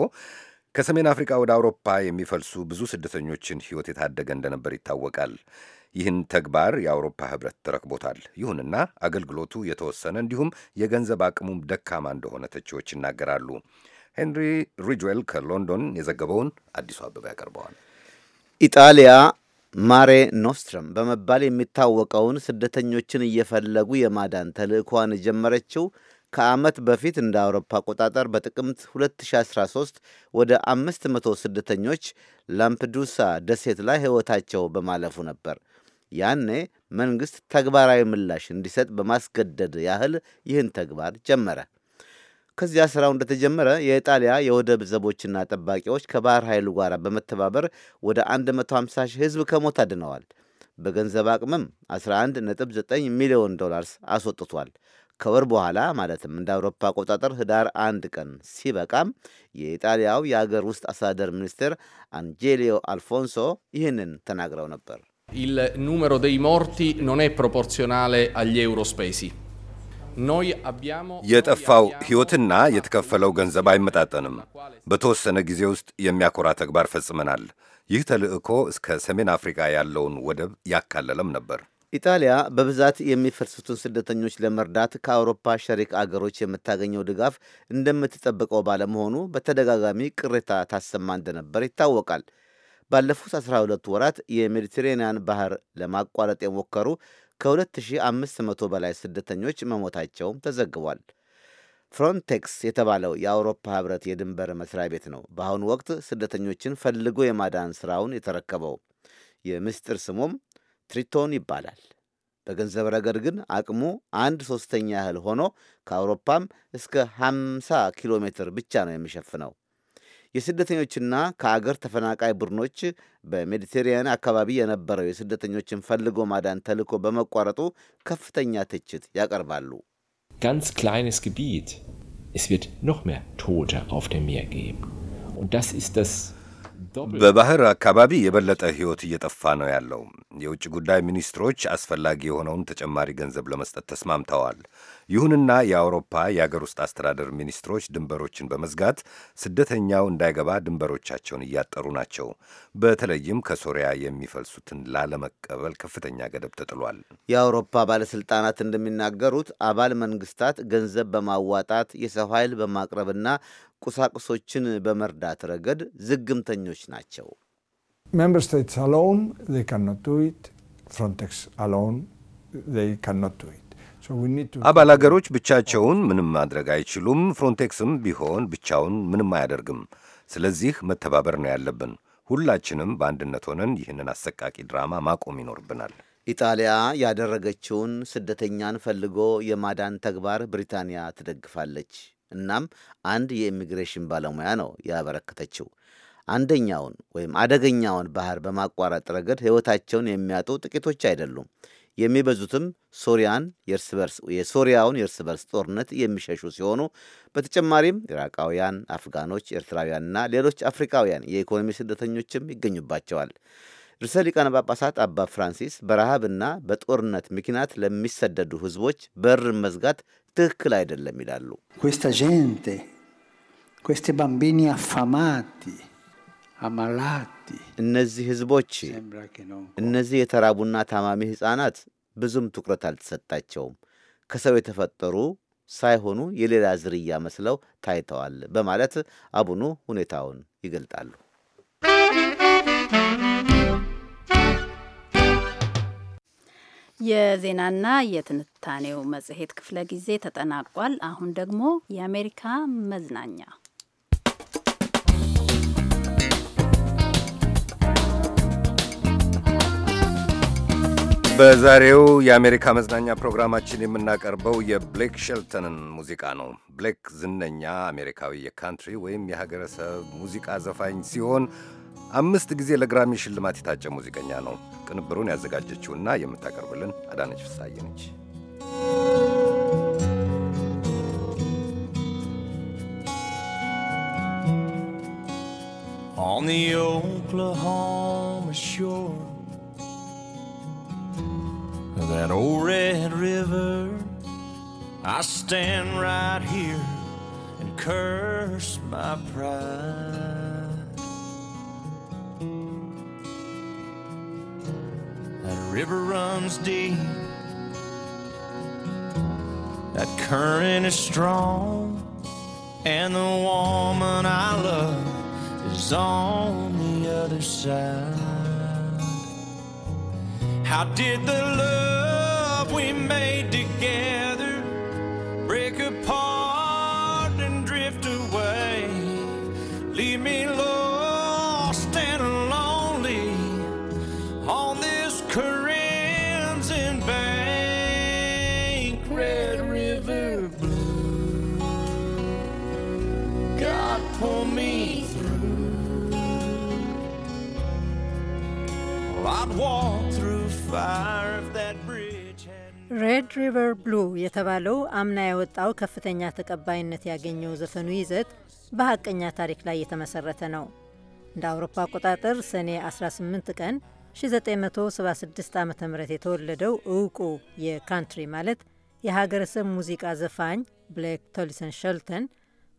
ከሰሜን አፍሪካ ወደ አውሮፓ የሚፈልሱ ብዙ ስደተኞችን ሕይወት የታደገ እንደነበር ይታወቃል። ይህን ተግባር የአውሮፓ ህብረት ተረክቦታል። ይሁንና አገልግሎቱ የተወሰነ እንዲሁም የገንዘብ አቅሙም ደካማ እንደሆነ ተቺዎች ይናገራሉ። ሄንሪ ሪጅዌል ከሎንዶን የዘገበውን አዲሱ አበባ ያቀርበዋል። ኢጣሊያ ማሬ ኖስትረም በመባል የሚታወቀውን ስደተኞችን እየፈለጉ የማዳን ተልእኳን የጀመረችው ከዓመት በፊት እንደ አውሮፓ አቆጣጠር በጥቅምት 2013 ወደ 500 ስደተኞች ላምፕዱሳ ደሴት ላይ ሕይወታቸው በማለፉ ነበር። ያኔ መንግሥት ተግባራዊ ምላሽ እንዲሰጥ በማስገደድ ያህል ይህን ተግባር ጀመረ። ከዚያ ሥራው እንደተጀመረ የኢጣሊያ የወደብ ዘቦችና ጠባቂዎች ከባህር ኃይሉ ጋር በመተባበር ወደ 150 ሺህ ሕዝብ ከሞት አድነዋል። በገንዘብ አቅምም 11.9 ሚሊዮን ዶላርስ አስወጥቷል። ከወር በኋላ ማለትም እንደ አውሮፓ አቆጣጠር ህዳር አንድ ቀን ሲበቃም የኢጣሊያው የአገር ውስጥ አስተዳደር ሚኒስትር አንጄሊዮ አልፎንሶ ይህንን ተናግረው ነበር። Il numero dei morti non è proporzionale agli euro spesi. የጠፋው ሕይወትና የተከፈለው ገንዘብ አይመጣጠንም። በተወሰነ ጊዜ ውስጥ የሚያኮራ ተግባር ፈጽመናል። ይህ ተልዕኮ እስከ ሰሜን አፍሪካ ያለውን ወደብ ያካለለም ነበር። ኢጣሊያ በብዛት የሚፈልሱትን ስደተኞች ለመርዳት ከአውሮፓ ሸሪክ አገሮች የምታገኘው ድጋፍ እንደምትጠብቀው ባለመሆኑ በተደጋጋሚ ቅሬታ ታሰማ እንደነበር ይታወቃል። ባለፉት 12 ወራት የሜዲትሬንያን ባህር ለማቋረጥ የሞከሩ ከ2500 በላይ ስደተኞች መሞታቸውም ተዘግቧል። ፍሮንቴክስ የተባለው የአውሮፓ ህብረት የድንበር መስሪያ ቤት ነው በአሁኑ ወቅት ስደተኞችን ፈልጎ የማዳን ሥራውን የተረከበው። የምስጢር ስሙም ትሪቶን ይባላል። በገንዘብ ረገድ ግን አቅሙ አንድ ሶስተኛ ያህል ሆኖ ከአውሮፓም እስከ 50 ኪሎ ሜትር ብቻ ነው የሚሸፍነው። የስደተኞችና ከአገር ተፈናቃይ ቡድኖች በሜዲቴሪያን አካባቢ የነበረው የስደተኞችን ፈልጎ ማዳን ተልዕኮ በመቋረጡ ከፍተኛ ትችት ያቀርባሉ። ganz kleines Gebiet. Es wird noch mehr Tote auf dem Meer geben. Und das ist das በባህር አካባቢ የበለጠ ሕይወት እየጠፋ ነው ያለው። የውጭ ጉዳይ ሚኒስትሮች አስፈላጊ የሆነውን ተጨማሪ ገንዘብ ለመስጠት ተስማምተዋል። ይሁንና የአውሮፓ የአገር ውስጥ አስተዳደር ሚኒስትሮች ድንበሮችን በመዝጋት ስደተኛው እንዳይገባ ድንበሮቻቸውን እያጠሩ ናቸው። በተለይም ከሶሪያ የሚፈልሱትን ላለመቀበል ከፍተኛ ገደብ ተጥሏል። የአውሮፓ ባለሥልጣናት እንደሚናገሩት አባል መንግስታት ገንዘብ በማዋጣት የሰው ኃይል በማቅረብና ቁሳቁሶችን በመርዳት ረገድ ዝግምተኞች ናቸው። ሜምበር ስቴትስ አሎን ዱ ኢት፣ ፍሮንቴክስ አሎን ዱ ኢት። አባል አገሮች ብቻቸውን ምንም ማድረግ አይችሉም። ፍሮንቴክስም ቢሆን ብቻውን ምንም አያደርግም። ስለዚህ መተባበር ነው ያለብን። ሁላችንም በአንድነት ሆነን ይህንን አሰቃቂ ድራማ ማቆም ይኖርብናል። ኢጣሊያ ያደረገችውን ስደተኛን ፈልጎ የማዳን ተግባር ብሪታንያ ትደግፋለች። እናም አንድ የኢሚግሬሽን ባለሙያ ነው ያበረከተችው። አንደኛውን ወይም አደገኛውን ባህር በማቋረጥ ረገድ ሕይወታቸውን የሚያጡ ጥቂቶች አይደሉም። የሚበዙትም ሶሪያን የእርስ በርስ የሶሪያውን የእርስ በርስ ጦርነት የሚሸሹ ሲሆኑ በተጨማሪም ኢራቃውያን፣ አፍጋኖች፣ ኤርትራውያንና ሌሎች አፍሪካውያን የኢኮኖሚ ስደተኞችም ይገኙባቸዋል። ርዕሰ ሊቃነ ጳጳሳት አባ ፍራንሲስ በረሃብና በጦርነት ምክንያት ለሚሰደዱ ህዝቦች በር መዝጋት ትክክል አይደለም ይላሉ። ኩስታ ጀንቴ ባምቢኒ አፋማቲ አማላቲ እነዚህ ህዝቦች እነዚህ የተራቡና ታማሚ ሕፃናት ብዙም ትኩረት አልተሰጣቸውም። ከሰው የተፈጠሩ ሳይሆኑ የሌላ ዝርያ መስለው ታይተዋል በማለት አቡኑ ሁኔታውን ይገልጣሉ። የዜናና የትንታኔው መጽሔት ክፍለ ጊዜ ተጠናቋል። አሁን ደግሞ የአሜሪካ መዝናኛ በዛሬው የአሜሪካ መዝናኛ ፕሮግራማችን የምናቀርበው የብሌክ ሼልተንን ሙዚቃ ነው። ብሌክ ዝነኛ አሜሪካዊ የካንትሪ ወይም የሀገረሰብ ሙዚቃ ዘፋኝ ሲሆን አምስት ጊዜ ለግራሚ ሽልማት የታጨ ሙዚቀኛ ነው። ቅንብሩን ያዘጋጀችውና የምታቀርብልን አዳነች ፍሳዬ ነች። On the Oklahoma shore of that old red river, I stand right here and curse my pride. river runs deep. That current is strong, and the woman I love is on the other side. How did the love we made? ሬድ ሪቨር ብሉ የተባለው አምና የወጣው ከፍተኛ ተቀባይነት ያገኘው ዘፈኑ ይዘት በሐቀኛ ታሪክ ላይ የተመሠረተ ነው። እንደ አውሮፓ አቆጣጠር ሰኔ 18 ቀን 1976 ዓ ም የተወለደው እውቁ የካንትሪ ማለት የሀገረሰብ ሙዚቃ ዘፋኝ ብሌክ ቶሊሰን ሸልተን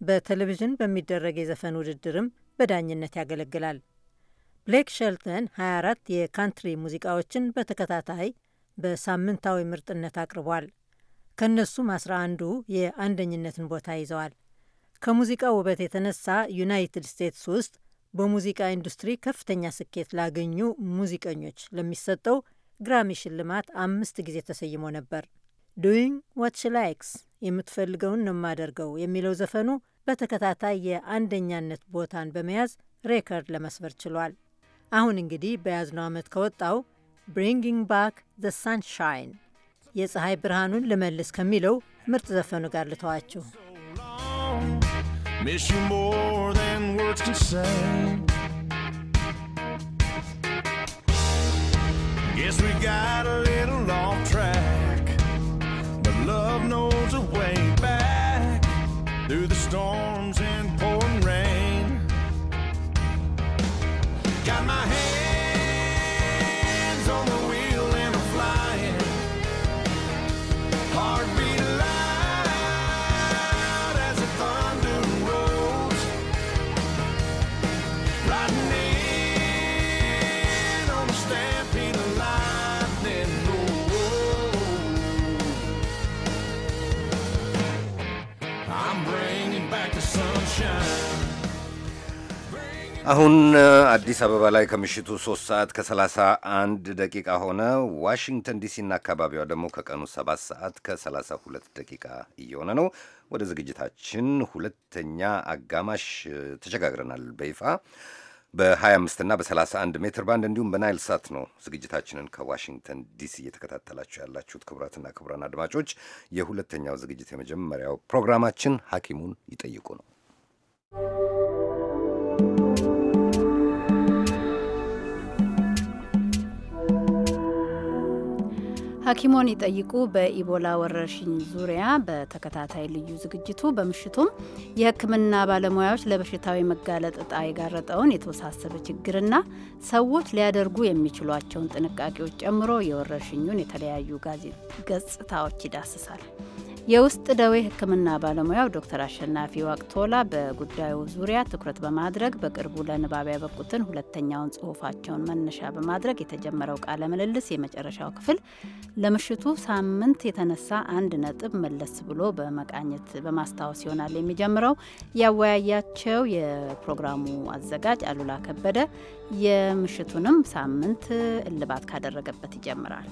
በቴሌቪዥን በሚደረግ የዘፈን ውድድርም በዳኝነት ያገለግላል። ብሌክ ሸልተን 24 የካንትሪ ሙዚቃዎችን በተከታታይ በሳምንታዊ ምርጥነት አቅርቧል። ከእነሱም 11ዱ የአንደኝነትን ቦታ ይዘዋል። ከሙዚቃ ውበት የተነሳ ዩናይትድ ስቴትስ ውስጥ በሙዚቃ ኢንዱስትሪ ከፍተኛ ስኬት ላገኙ ሙዚቀኞች ለሚሰጠው ግራሚ ሽልማት አምስት ጊዜ ተሰይሞ ነበር። ዱዊንግ ዋት ሺ ላይክስ የምትፈልገውን ነው የማደርገው የሚለው ዘፈኑ በተከታታይ የአንደኛነት ቦታን በመያዝ ሬከርድ ለመስበር ችሏል። አሁን እንግዲህ በያዝነው ዓመት ከወጣው ብሪንጊንግ ባክ ዘ ሳንሻይን የፀሐይ ብርሃኑን ልመልስ ከሚለው ምርጥ ዘፈኑ ጋር ልተዋችሁ። Miss you more than words can say. Guess we got a little off track, but love knows a way back through the storms and አሁን አዲስ አበባ ላይ ከምሽቱ 3 ሰዓት ከ31 ደቂቃ ሆነ። ዋሽንግተን ዲሲ እና አካባቢዋ ደግሞ ከቀኑ 7 ሰዓት ከ32 ደቂቃ እየሆነ ነው። ወደ ዝግጅታችን ሁለተኛ አጋማሽ ተሸጋግረናል። በይፋ በ25ና በ31 ሜትር ባንድ እንዲሁም በናይል ሳት ነው ዝግጅታችንን ከዋሽንግተን ዲሲ እየተከታተላችሁ ያላችሁት። ክቡራትና ክቡራን አድማጮች የሁለተኛው ዝግጅት የመጀመሪያው ፕሮግራማችን ሐኪሙን ይጠይቁ ነው። ሐኪሞን ይጠይቁ በኢቦላ ወረርሽኝ ዙሪያ በተከታታይ ልዩ ዝግጅቱ በምሽቱም የሕክምና ባለሙያዎች ለበሽታዊ መጋለጥ እጣ የጋረጠውን የተወሳሰበ ችግርና ሰዎች ሊያደርጉ የሚችሏቸውን ጥንቃቄዎች ጨምሮ የወረርሽኙን የተለያዩ ገጽታዎች ይዳስሳል። የውስጥ ደዌ ሕክምና ባለሙያው ዶክተር አሸናፊ ዋቅቶላ በጉዳዩ ዙሪያ ትኩረት በማድረግ በቅርቡ ለንባብ ያበቁትን ሁለተኛውን ጽሁፋቸውን መነሻ በማድረግ የተጀመረው ቃለ ምልልስ የመጨረሻው ክፍል ለምሽቱ ሳምንት የተነሳ አንድ ነጥብ መለስ ብሎ በመቃኘት በማስታወስ ይሆናል የሚጀምረው። ያወያያቸው የፕሮግራሙ አዘጋጅ አሉላ ከበደ የምሽቱንም ሳምንት እልባት ካደረገበት ይጀምራል።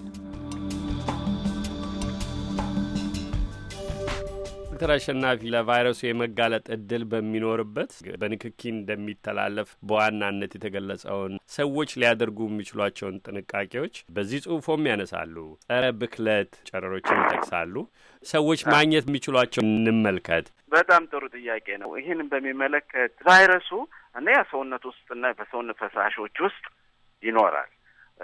ዶክተር አሸናፊ ለቫይረሱ የመጋለጥ እድል በሚኖርበት በንክኪ እንደሚተላለፍ በዋናነት የተገለጸውን ሰዎች ሊያደርጉ የሚችሏቸውን ጥንቃቄዎች በዚህ ጽሁፎም ያነሳሉ። ጸረ ብክለት ጨረሮችን ይጠቅሳሉ። ሰዎች ማግኘት የሚችሏቸው እንመልከት። በጣም ጥሩ ጥያቄ ነው። ይህን በሚመለከት ቫይረሱ እና ያ ሰውነት ውስጥና በሰውነት ፈሳሾች ውስጥ ይኖራል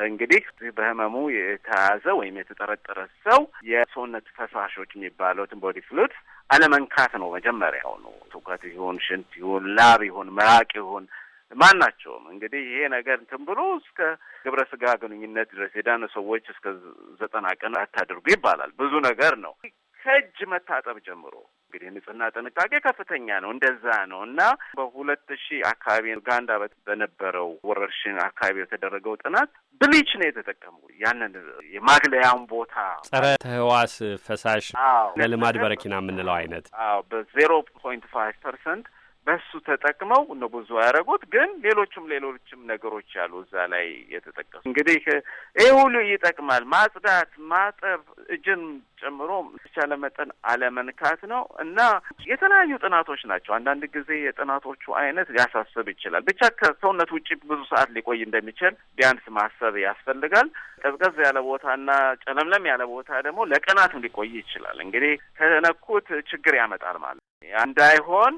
እንግዲህ በህመሙ የተያዘ ወይም የተጠረጠረ ሰው የሰውነት ፈሳሾች የሚባሉትን ቦዲ ፍሉት አለመንካት ነው መጀመሪያው ነው። ትውከት ይሁን ሽንት ይሁን ላብ ይሁን ምራቅ ይሁን ማናቸውም እንግዲህ ይሄ ነገር እንትን ብሎ እስከ ግብረ ስጋ ግንኙነት ድረስ የዳነ ሰዎች እስከ ዘጠና ቀን አታድርጉ ይባላል። ብዙ ነገር ነው ከእጅ መታጠብ ጀምሮ እንግዲህ ንጽህና ጥንቃቄ ከፍተኛ ነው። እንደዛ ነው እና በሁለት ሺህ አካባቢ ኡጋንዳ በነበረው ወረርሽኝ አካባቢ የተደረገው ጥናት ብሊች ነው የተጠቀሙ። ያንን የማግለያውን ቦታ ጸረ ተህዋስ ፈሳሽ ለልማድ በረኪና የምንለው አይነት አዎ በዜሮ ፖይንት ፋይቭ ፐርሰንት በሱ ተጠቅመው ነው ብዙ ያደረጉት። ግን ሌሎችም ሌሎችም ነገሮች አሉ እዛ ላይ የተጠቀሱ። እንግዲህ ይህ ሁሉ ይጠቅማል። ማጽዳት፣ ማጠብ እጅን ጨምሮ የተቻለ መጠን አለመንካት ነው እና የተለያዩ ጥናቶች ናቸው። አንዳንድ ጊዜ የጥናቶቹ አይነት ሊያሳስብ ይችላል። ብቻ ከሰውነት ውጭ ብዙ ሰዓት ሊቆይ እንደሚችል ቢያንስ ማሰብ ያስፈልጋል። ቀዝቀዝ ያለ ቦታና ጨለምለም ያለ ቦታ ደግሞ ለቀናትም ሊቆይ ይችላል። እንግዲህ ከነኩት ችግር ያመጣል ማለት እንዳይሆን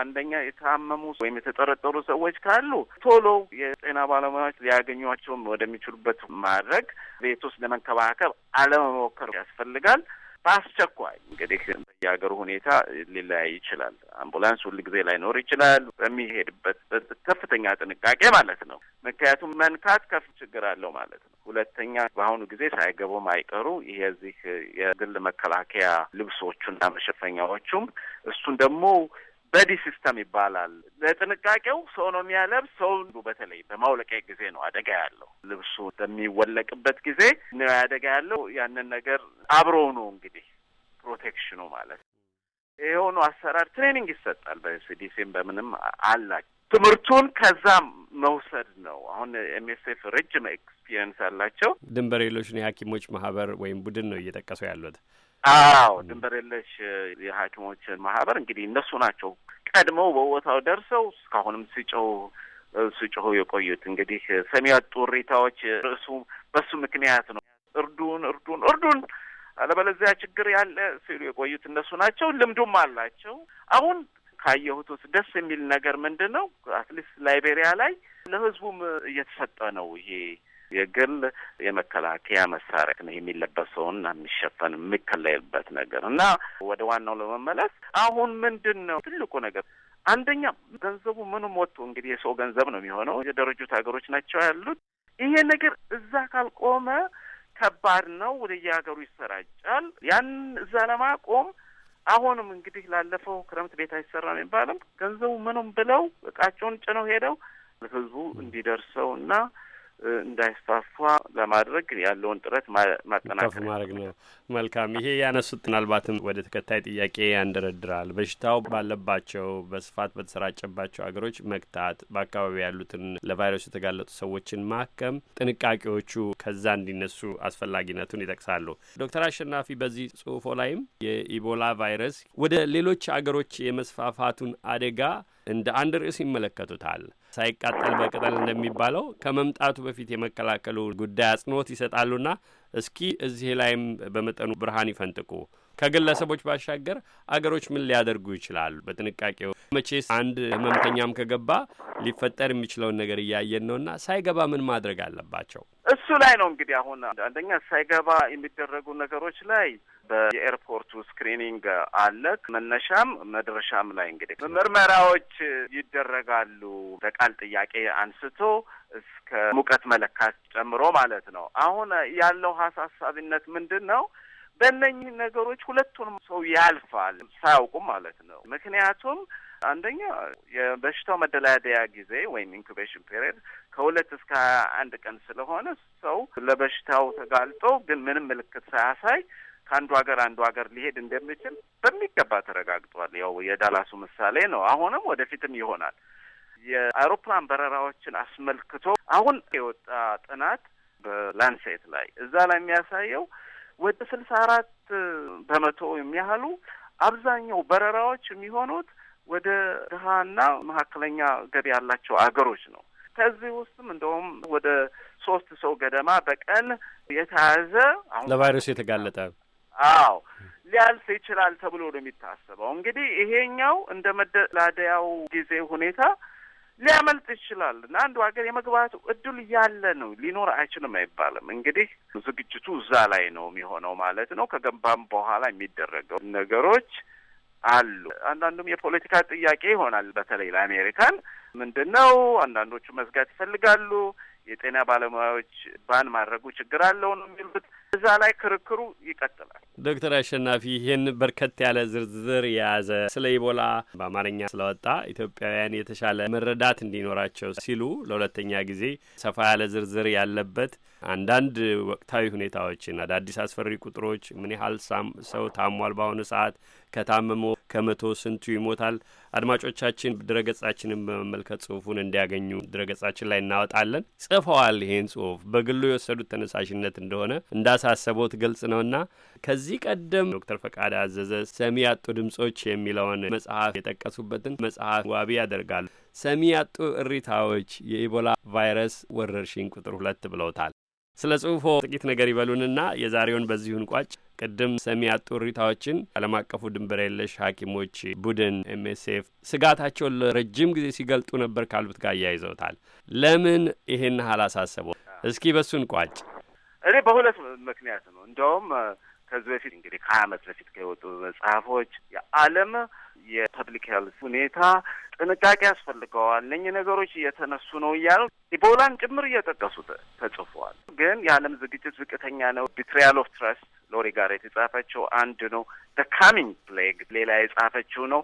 አንደኛ የታመሙ ወይም የተጠረጠሩ ሰዎች ካሉ ቶሎ የጤና ባለሙያዎች ሊያገኟቸውም ወደሚችሉበት ማድረግ ቤት ውስጥ ለመንከባከብ አለመሞከር ያስፈልጋል። በአስቸኳይ እንግዲህ የሀገሩ ሁኔታ ሊለያይ ይችላል። አምቡላንስ ሁል ጊዜ ላይኖር ይችላል። በሚሄድበት ከፍተኛ ጥንቃቄ ማለት ነው። ምክንያቱም መንካት ከፍ ችግር አለው ማለት ነው። ሁለተኛ በአሁኑ ጊዜ ሳይገቡም አይቀሩ ይሄ እዚህ የግል መከላከያ ልብሶቹና መሸፈኛዎቹም እሱን ደግሞ በዲ ሲስተም ይባላል። ለጥንቃቄው ሰው ነው የሚያለብስ። ሰው በተለይ በማውለቂያ ጊዜ ነው አደጋ ያለው። ልብሱ በሚወለቅበት ጊዜ ነው አደጋ ያለው። ያንን ነገር አብሮ ነው እንግዲህ ፕሮቴክሽኑ ማለት ነው። የሆኑ አሰራር ትሬኒንግ ይሰጣል። በሲዲሲም በምንም አላቸው ትምህርቱን ከዛ መውሰድ ነው። አሁን ኤምኤስኤፍ ረጅም ኤክስፒሪየንስ አላቸው። ድንበር የለሽ የሐኪሞች ማህበር ወይም ቡድን ነው እየጠቀሰው ያሉት አዎ ድንበር የለሽ የሀኪሞችን ማህበር እንግዲህ እነሱ ናቸው ቀድመው በቦታው ደርሰው እስካሁንም ስጭው ሲጮሁ የቆዩት እንግዲህ ሰሚ ያጡ እሪታዎች ርዕሱ በሱ ምክንያት ነው። እርዱን፣ እርዱን፣ እርዱን አለበለዚያ ችግር ያለ ሲሉ የቆዩት እነሱ ናቸው። ልምዱም አላቸው። አሁን ካየሁት ደስ የሚል ነገር ምንድን ነው? አትሊስት ላይቤሪያ ላይ ለህዝቡም እየተሰጠ ነው ይሄ የግል የመከላከያ መሳሪያ ነው የሚለበሰውን የሚሸፈን የሚከለልበት ነገር እና ወደ ዋናው ለመመለስ አሁን ምንድን ነው ትልቁ ነገር አንደኛ ገንዘቡ ምንም ወጡ እንግዲህ የሰው ገንዘብ ነው የሚሆነው። የደረጁት ሀገሮች ናቸው ያሉት። ይሄ ነገር እዛ ካልቆመ ከባድ ነው። ወደ የሀገሩ ይሰራጫል። ያን እዛ ለማቆም አሁንም እንግዲህ ላለፈው ክረምት ቤት ነው የሚባልም ገንዘቡ ምንም ብለው እቃቸውን ጭነው ሄደው ህዝቡ እንዲደርሰው እና እንዳይስፋፋ ለማድረግ ያለውን ጥረት ማጠናከፍ ማድረግ ነው። መልካም። ይሄ ያነሱት ምናልባትም ወደ ተከታይ ጥያቄ ያንደረድራል። በሽታው ባለባቸው በስፋት በተሰራጨባቸው ሀገሮች መግታት፣ በአካባቢ ያሉትን ለቫይረሱ የተጋለጡ ሰዎችን ማከም፣ ጥንቃቄዎቹ ከዛ እንዲነሱ አስፈላጊነቱን ይጠቅሳሉ። ዶክተር አሸናፊ በዚህ ጽሁፎ ላይም የኢቦላ ቫይረስ ወደ ሌሎች አገሮች የመስፋፋቱን አደጋ እንደ አንድ ርዕስ ይመለከቱታል። ሳይቃጠል በቅጠል እንደሚባለው ከመምጣቱ በፊት የመከላከሉ ጉዳይ አጽንኦት ይሰጣሉና እስኪ እዚህ ላይም በመጠኑ ብርሃን ይፈንጥቁ። ከግለሰቦች ባሻገር አገሮች ምን ሊያደርጉ ይችላሉ? በጥንቃቄው መቼስ አንድ ህመምተኛም ከገባ ሊፈጠር የሚችለውን ነገር እያየን ነው እና ሳይገባ ምን ማድረግ አለባቸው? እሱ ላይ ነው እንግዲህ አሁን አንደኛ ሳይገባ የሚደረጉ ነገሮች ላይ በየኤርፖርቱ ስክሪኒንግ አለ። መነሻም መድረሻም ላይ እንግዲህ ምርመራዎች ይደረጋሉ። በቃል ጥያቄ አንስቶ እስከ ሙቀት መለካት ጨምሮ ማለት ነው። አሁን ያለው አሳሳቢነት ምንድን ነው? በእነኚህ ነገሮች ሁለቱንም ሰው ያልፋል ሳያውቁም ማለት ነው። ምክንያቱም አንደኛ የበሽታው መደላደያ ጊዜ ወይም ኢንኩቤሽን ፔሪየድ ከሁለት እስከ ሀያ አንድ ቀን ስለሆነ ሰው ለበሽታው ተጋልጦ ግን ምንም ምልክት ሳያሳይ ከአንዱ ሀገር አንዱ ሀገር ሊሄድ እንደሚችል በሚገባ ተረጋግጧል። ያው የዳላሱ ምሳሌ ነው። አሁንም ወደፊትም ይሆናል። የአይሮፕላን በረራዎችን አስመልክቶ አሁን የወጣ ጥናት በላንሴት ላይ እዛ ላይ የሚያሳየው ወደ ስልሳ አራት በመቶ የሚያህሉ አብዛኛው በረራዎች የሚሆኑት ወደ ድሀና መካከለኛ ገቢ ያላቸው አገሮች ነው። ከዚህ ውስጥም እንደውም ወደ ሶስት ሰው ገደማ በቀን የተያዘ ለቫይረሱ የተጋለጠ አዎ ሊያልፍ ይችላል ተብሎ ነው የሚታሰበው። እንግዲህ ይሄኛው እንደ መደላደያው ጊዜ ሁኔታ ሊያመልጥ ይችላል እና አንዱ ሀገር የመግባቱ እድል ያለ ነው፣ ሊኖር አይችልም አይባልም። እንግዲህ ዝግጅቱ እዛ ላይ ነው የሚሆነው ማለት ነው። ከገንባም በኋላ የሚደረገው ነገሮች አሉ። አንዳንዱም የፖለቲካ ጥያቄ ይሆናል። በተለይ ለአሜሪካን ምንድን ነው አንዳንዶቹ መዝጋት ይፈልጋሉ የጤና ባለሙያዎች ባን ማድረጉ ችግር አለው ነው የሚሉት። እዛ ላይ ክርክሩ ይቀጥላል። ዶክተር አሸናፊ ይህን በርከት ያለ ዝርዝር የያዘ ስለ ኢቦላ በአማርኛ ስለወጣ ኢትዮጵያውያን የተሻለ መረዳት እንዲኖራቸው ሲሉ ለሁለተኛ ጊዜ ሰፋ ያለ ዝርዝር ያለበት አንዳንድ ወቅታዊ ሁኔታዎችን አዳዲስ አስፈሪ ቁጥሮች፣ ምን ያህል ሰው ታሟል በአሁኑ ሰዓት ከታመመ ከመቶ ስንቱ ይሞታል? አድማጮቻችን ድረገጻችንን በመመልከት ጽሁፉን እንዲያገኙ ድረገጻችን ላይ እናወጣለን። ጽፈዋል። ይህን ጽሁፍ በግሉ የወሰዱት ተነሳሽነት እንደሆነ እንዳሳሰቦት ግልጽ ነውና ከዚህ ቀደም ዶክተር ፈቃድ አዘዘ ሰሚ ያጡ ድምጾች የሚለውን መጽሐፍ የጠቀሱበትን መጽሐፍ ዋቢ ያደርጋሉ። ሰሚ ያጡ እሪታዎች የኢቦላ ቫይረስ ወረርሽኝ ቁጥር ሁለት ብለውታል። ስለ ጽሁፎ ጥቂት ነገር ይበሉንና የዛሬውን በዚሁን ቋጭ። ቅድም ሰሚ ያጡ እሪታዎችን ዓለም አቀፉ ድንበር የለሽ ሐኪሞች ቡድን ኤምኤስኤፍ ስጋታቸውን ለረጅም ጊዜ ሲገልጡ ነበር ካሉት ጋር እያይዘውታል። ለምን ይሄን ያህል አሳሰበው? እስኪ በሱን ቋጭ። እኔ በሁለት ምክንያት ነው እንደውም ከዚህ በፊት እንግዲህ ከሀያ አመት በፊት ከወጡ መጽሐፎች የዓለም የፐብሊክ ሄልት ሁኔታ ጥንቃቄ ያስፈልገዋል፣ እነኚህ ነገሮች እየተነሱ ነው እያሉ ኢቦላን ጭምር እየጠቀሱት ተጽፏል። ግን የዓለም ዝግጅት ዝቅተኛ ነው፣ ቢትሪያል ኦፍ ትረስት ሎሪ ጋር የተጻፈችው አንድ ነው። ደ ካሚንግ ፕሌግ ሌላ የጻፈችው ነው።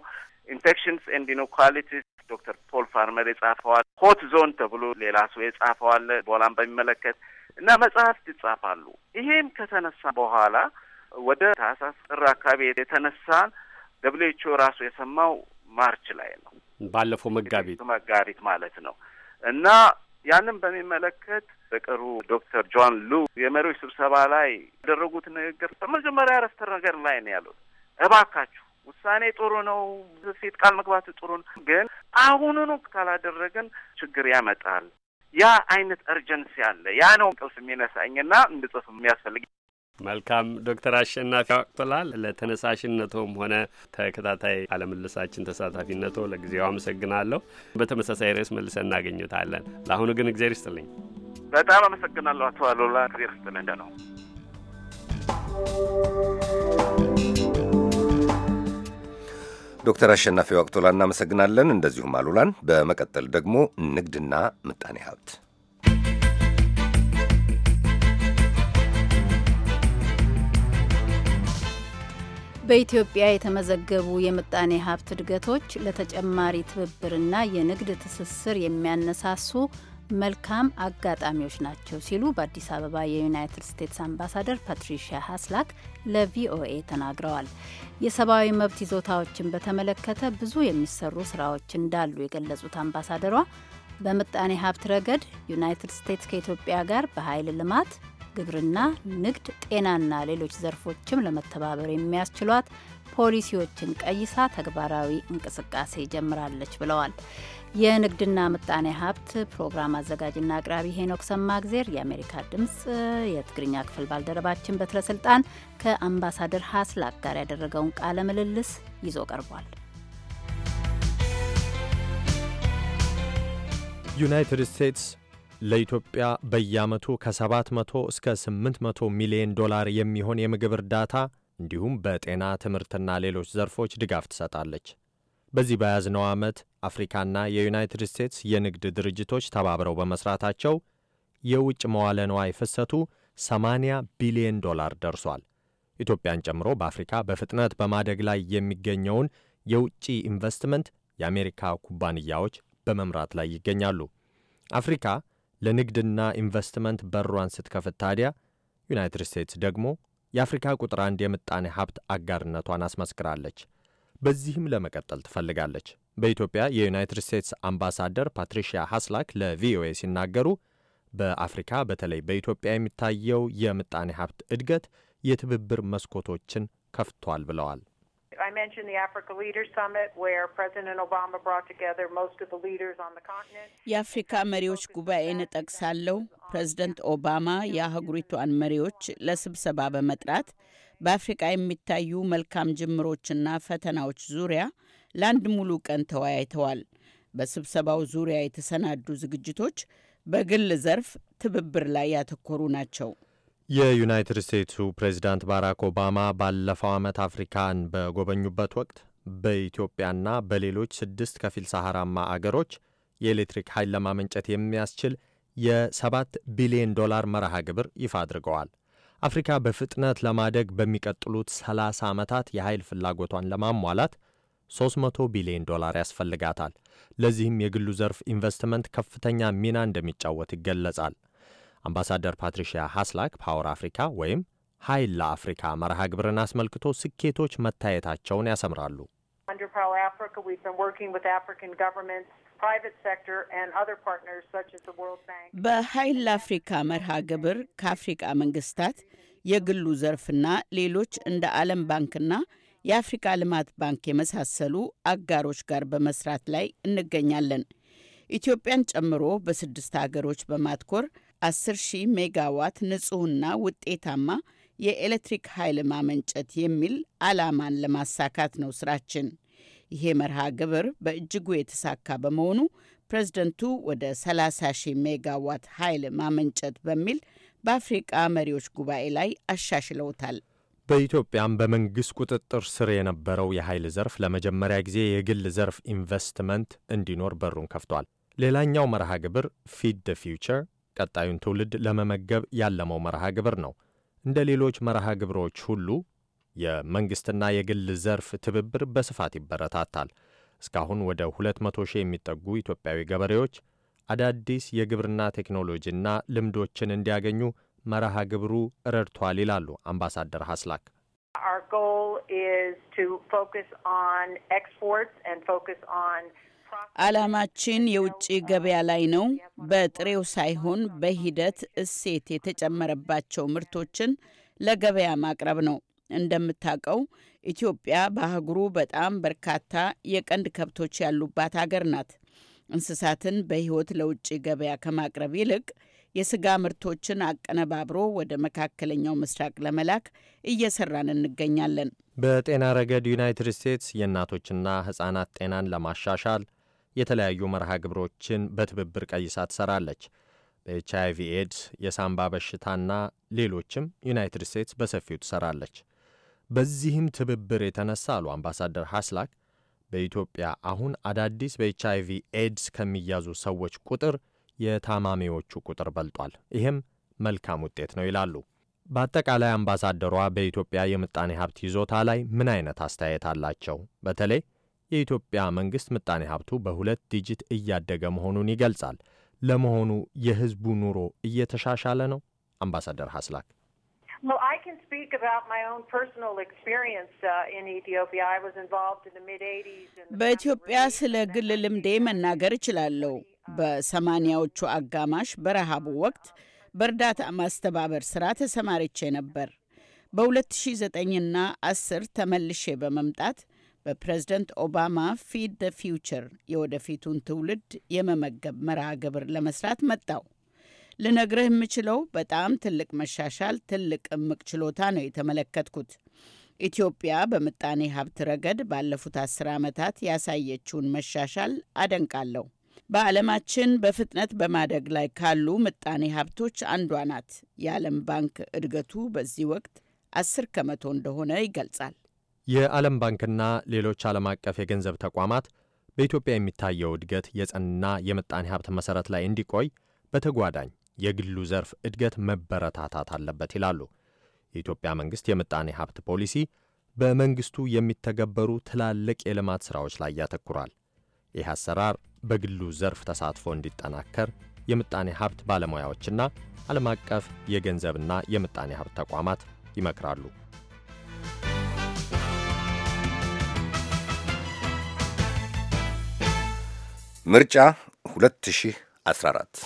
ኢንፌክሽንስ ኤንድ ኢንኳሊቲስ ዶክተር ፖል ፋርመር የጻፈዋል። ሆት ዞን ተብሎ ሌላ ሰው የጻፈዋል። ቦላን በሚመለከት እና መጽሐፍት ይጻፋሉ። ይሄም ከተነሳ በኋላ ወደ ታህሳስ ጥር አካባቢ የተነሳ ደብሊው ኤች ኦ ራሱ የሰማው ማርች ላይ ነው። ባለፈው መጋቢት መጋቢት ማለት ነው እና ያንን በሚመለከት በቅርቡ ዶክተር ጆን ሉ የመሪዎች ስብሰባ ላይ ያደረጉት ንግግር በመጀመሪያ ረስተ ነገር ላይ ነው ያሉት፣ እባካችሁ ውሳኔ ጥሩ ነው፣ ሴት ቃል መግባት ጥሩ ነው፣ ግን አሁኑኑ ካላደረግን ችግር ያመጣል። ያ አይነት እርጀንሲ አለ። ያ ነው እንቅልፍ የሚነሳኝና እንድጽፍ የሚያስፈልግ። መልካም ዶክተር አሸናፊ ዋቅቶላል ለተነሳሽነቶም ሆነ ተከታታይ አለምልሳችን ተሳታፊነቶ ለጊዜው አመሰግናለሁ። በተመሳሳይ ርዕስ መልሰን እናገኘታለን። ለአሁኑ ግን እግዜር ይስጥልኝ። በጣም አመሰግናለሁ አቶ አሉላ ጊዜር ስትነደ ነው። ዶክተር አሸናፊ ዋቅቶላ እናመሰግናለን፣ እንደዚሁም አሉላን። በመቀጠል ደግሞ ንግድና ምጣኔ ሀብት በኢትዮጵያ የተመዘገቡ የምጣኔ ሀብት እድገቶች ለተጨማሪ ትብብርና የንግድ ትስስር የሚያነሳሱ መልካም አጋጣሚዎች ናቸው ሲሉ በአዲስ አበባ የዩናይትድ ስቴትስ አምባሳደር ፓትሪሺያ ሀስላክ ለቪኦኤ ተናግረዋል። የሰብአዊ መብት ይዞታዎችን በተመለከተ ብዙ የሚሰሩ ስራዎች እንዳሉ የገለጹት አምባሳደሯ በምጣኔ ሀብት ረገድ ዩናይትድ ስቴትስ ከኢትዮጵያ ጋር በኃይል ልማት፣ ግብርና፣ ንግድ፣ ጤናና ሌሎች ዘርፎችም ለመተባበር የሚያስችሏት ፖሊሲዎችን ቀይሳ ተግባራዊ እንቅስቃሴ ጀምራለች ብለዋል። የንግድና ምጣኔ ሀብት ፕሮግራም አዘጋጅና አቅራቢ ሄኖክ ሰማእግዜር፣ የአሜሪካ ድምፅ የትግርኛ ክፍል ባልደረባችን በትረስልጣን ከአምባሳደር ሀስላክ ጋር ያደረገውን ቃለ ምልልስ ይዞ ቀርቧል። ዩናይትድ ስቴትስ ለኢትዮጵያ በየዓመቱ ከ700 እስከ 800 ሚሊዮን ዶላር የሚሆን የምግብ እርዳታ እንዲሁም በጤና ትምህርትና ሌሎች ዘርፎች ድጋፍ ትሰጣለች። በዚህ በያዝነው ዓመት አፍሪካና የዩናይትድ ስቴትስ የንግድ ድርጅቶች ተባብረው በመስራታቸው የውጭ መዋለ ንዋይ ፍሰቱ 80 ቢሊዮን ዶላር ደርሷል። ኢትዮጵያን ጨምሮ በአፍሪካ በፍጥነት በማደግ ላይ የሚገኘውን የውጭ ኢንቨስትመንት የአሜሪካ ኩባንያዎች በመምራት ላይ ይገኛሉ። አፍሪካ ለንግድና ኢንቨስትመንት በሯን ስትከፍት ታዲያ ዩናይትድ ስቴትስ ደግሞ የአፍሪካ ቁጥር አንድ የምጣኔ ሀብት አጋርነቷን አስመስክራለች። በዚህም ለመቀጠል ትፈልጋለች። በኢትዮጵያ የዩናይትድ ስቴትስ አምባሳደር ፓትሪሺያ ሀስላክ ለቪኦኤ ሲናገሩ በአፍሪካ በተለይ በኢትዮጵያ የሚታየው የምጣኔ ሀብት እድገት የትብብር መስኮቶችን ከፍቷል ብለዋል። የአፍሪካ መሪዎች ጉባኤን ጠቅሳለሁ። ፕሬዝደንት ኦባማ የአህጉሪቷን መሪዎች ለስብሰባ በመጥራት በአፍሪቃ የሚታዩ መልካም ጅምሮችና ፈተናዎች ዙሪያ ለአንድ ሙሉ ቀን ተወያይተዋል። በስብሰባው ዙሪያ የተሰናዱ ዝግጅቶች በግል ዘርፍ ትብብር ላይ ያተኮሩ ናቸው። የዩናይትድ ስቴትሱ ፕሬዚዳንት ባራክ ኦባማ ባለፈው ዓመት አፍሪካን በጎበኙበት ወቅት በኢትዮጵያና በሌሎች ስድስት ከፊል ሰሐራማ አገሮች የኤሌክትሪክ ኃይል ለማመንጨት የሚያስችል የሰባት ቢሊዮን ዶላር መርሃ ግብር ይፋ አድርገዋል። አፍሪካ በፍጥነት ለማደግ በሚቀጥሉት 30 ዓመታት የኃይል ፍላጎቷን ለማሟላት 300 ቢሊዮን ዶላር ያስፈልጋታል። ለዚህም የግሉ ዘርፍ ኢንቨስትመንት ከፍተኛ ሚና እንደሚጫወት ይገለጻል። አምባሳደር ፓትሪሺያ ሐስላክ ፓወር አፍሪካ ወይም ኃይል ለአፍሪካ መርሃ ግብርን አስመልክቶ ስኬቶች መታየታቸውን ያሰምራሉ። በኃይል ለአፍሪካ መርሃ ግብር ከአፍሪካ መንግስታት የግሉ ዘርፍና ሌሎች እንደ ዓለም ባንክና የአፍሪካ ልማት ባንክ የመሳሰሉ አጋሮች ጋር በመስራት ላይ እንገኛለን። ኢትዮጵያን ጨምሮ በስድስት ሀገሮች በማትኮር 10 ሺህ ሜጋዋት ንጹህና ውጤታማ የኤሌክትሪክ ኃይል ማመንጨት የሚል ዓላማን ለማሳካት ነው ስራችን። ይሄ መርሃ ግብር በእጅጉ የተሳካ በመሆኑ ፕሬዝደንቱ ወደ 30 ሺህ ሜጋዋት ኃይል ማመንጨት በሚል በአፍሪቃ መሪዎች ጉባኤ ላይ አሻሽለውታል። በኢትዮጵያም በመንግሥት ቁጥጥር ስር የነበረው የኃይል ዘርፍ ለመጀመሪያ ጊዜ የግል ዘርፍ ኢንቨስትመንት እንዲኖር በሩን ከፍቷል። ሌላኛው መርሃ ግብር ፊድ ደ ፊውቸር ቀጣዩን ትውልድ ለመመገብ ያለመው መርሃ ግብር ነው። እንደ ሌሎች መርሃ ግብሮች ሁሉ የመንግሥትና የግል ዘርፍ ትብብር በስፋት ይበረታታል። እስካሁን ወደ 200 ሺህ የሚጠጉ ኢትዮጵያዊ ገበሬዎች አዳዲስ የግብርና ቴክኖሎጂና ልምዶችን እንዲያገኙ መርሃ ግብሩ ረድቷል ይላሉ አምባሳደር ሀስላክ። ዓላማችን የውጭ ገበያ ላይ ነው። በጥሬው ሳይሆን በሂደት እሴት የተጨመረባቸው ምርቶችን ለገበያ ማቅረብ ነው። እንደምታውቀው ኢትዮጵያ በአህጉሩ በጣም በርካታ የቀንድ ከብቶች ያሉባት አገር ናት። እንስሳትን በሕይወት ለውጭ ገበያ ከማቅረብ ይልቅ የስጋ ምርቶችን አቀነባብሮ ወደ መካከለኛው ምስራቅ ለመላክ እየሰራን እንገኛለን። በጤና ረገድ ዩናይትድ ስቴትስ የእናቶችና ሕፃናት ጤናን ለማሻሻል የተለያዩ መርሃ ግብሮችን በትብብር ቀይሳ ትሰራለች። በኤች አይቪ ኤድስ፣ የሳምባ በሽታና ሌሎችም ዩናይትድ ስቴትስ በሰፊው ትሰራለች። በዚህም ትብብር የተነሳ አሉ አምባሳደር ሐስላክ በኢትዮጵያ አሁን አዳዲስ በኤች አይ ቪ ኤድስ ከሚያዙ ሰዎች ቁጥር የታማሚዎቹ ቁጥር በልጧል። ይህም መልካም ውጤት ነው ይላሉ። በአጠቃላይ አምባሳደሯ በኢትዮጵያ የምጣኔ ሀብት ይዞታ ላይ ምን አይነት አስተያየት አላቸው? በተለይ የኢትዮጵያ መንግሥት ምጣኔ ሀብቱ በሁለት ዲጂት እያደገ መሆኑን ይገልጻል። ለመሆኑ የሕዝቡ ኑሮ እየተሻሻለ ነው? አምባሳደር ሐስላክ Well, I can speak about my own personal experience uh, in Ethiopia. I was involved in the mid 80s. በኢትዮጵያ ስለ ግል ልምዴ መናገር እችላለሁ። uh, በሰማኒያዎቹ አጋማሽ በረሃቡ ወቅት uh, በእርዳታ ማስተባበር ስራ ተሰማርቼ ነበር። በ2009ና 10 ተመልሼ በመምጣት በፕሬዝደንት ኦባማ ፊድ ደ ፊውቸር የወደፊቱን ትውልድ የመመገብ መርሃ ግብር ለመስራት መጣው። ልነግርህ የምችለው በጣም ትልቅ መሻሻል፣ ትልቅ እምቅ ችሎታ ነው የተመለከትኩት። ኢትዮጵያ በምጣኔ ሀብት ረገድ ባለፉት አስር ዓመታት ያሳየችውን መሻሻል አደንቃለሁ። በዓለማችን በፍጥነት በማደግ ላይ ካሉ ምጣኔ ሀብቶች አንዷ ናት። የዓለም ባንክ እድገቱ በዚህ ወቅት አስር ከመቶ እንደሆነ ይገልጻል። የዓለም ባንክና ሌሎች ዓለም አቀፍ የገንዘብ ተቋማት በኢትዮጵያ የሚታየው እድገት የጸንና የምጣኔ ሀብት መሠረት ላይ እንዲቆይ በተጓዳኝ የግሉ ዘርፍ እድገት መበረታታት አለበት ይላሉ። የኢትዮጵያ መንግሥት የምጣኔ ሀብት ፖሊሲ በመንግስቱ የሚተገበሩ ትላልቅ የልማት ሥራዎች ላይ ያተኩራል። ይህ አሰራር በግሉ ዘርፍ ተሳትፎ እንዲጠናከር የምጣኔ ሀብት ባለሙያዎችና ዓለም አቀፍ የገንዘብና የምጣኔ ሀብት ተቋማት ይመክራሉ። ምርጫ 2014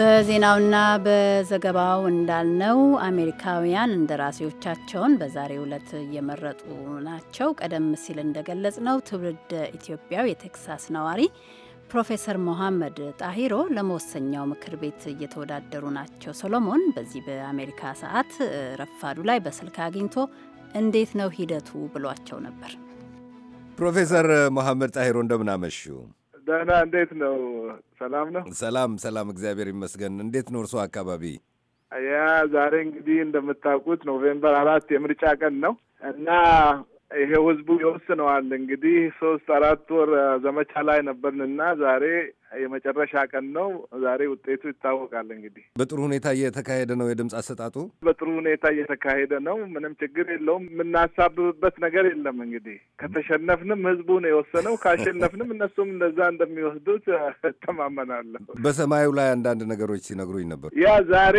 በዜናውና በዘገባው እንዳልነው አሜሪካውያን እንደራሴዎቻቸውን በዛሬው ዕለት እየመረጡ ናቸው። ቀደም ሲል እንደገለጽ ነው ትውልድ ኢትዮጵያው የቴክሳስ ነዋሪ ፕሮፌሰር ሞሐመድ ጣሂሮ ለመወሰኛው ምክር ቤት እየተወዳደሩ ናቸው። ሰሎሞን በዚህ በአሜሪካ ሰዓት ረፋዱ ላይ በስልክ አግኝቶ እንዴት ነው ሂደቱ ብሏቸው ነበር። ፕሮፌሰር ሞሐመድ ጣሂሮ እንደምን ደህና እንዴት ነው? ሰላም ነው። ሰላም ሰላም፣ እግዚአብሔር ይመስገን። እንዴት ነው እርሶ አካባቢ? ያ ዛሬ እንግዲህ እንደምታውቁት ኖቬምበር አራት የምርጫ ቀን ነው እና ይሄ ህዝቡ ይወስነዋል። እንግዲህ ሶስት አራት ወር ዘመቻ ላይ ነበርንና ዛሬ የመጨረሻ ቀን ነው ዛሬ። ውጤቱ ይታወቃል እንግዲህ። በጥሩ ሁኔታ እየተካሄደ ነው የድምፅ አሰጣጡ። በጥሩ ሁኔታ እየተካሄደ ነው። ምንም ችግር የለውም። የምናሳብብበት ነገር የለም። እንግዲህ ከተሸነፍንም ህዝቡ ነው የወሰነው፣ ካሸነፍንም እነሱም እንደዛ እንደሚወስዱት እተማመናለሁ። በሰማዩ ላይ አንዳንድ ነገሮች ሲነግሩኝ ነበር። ያ ዛሬ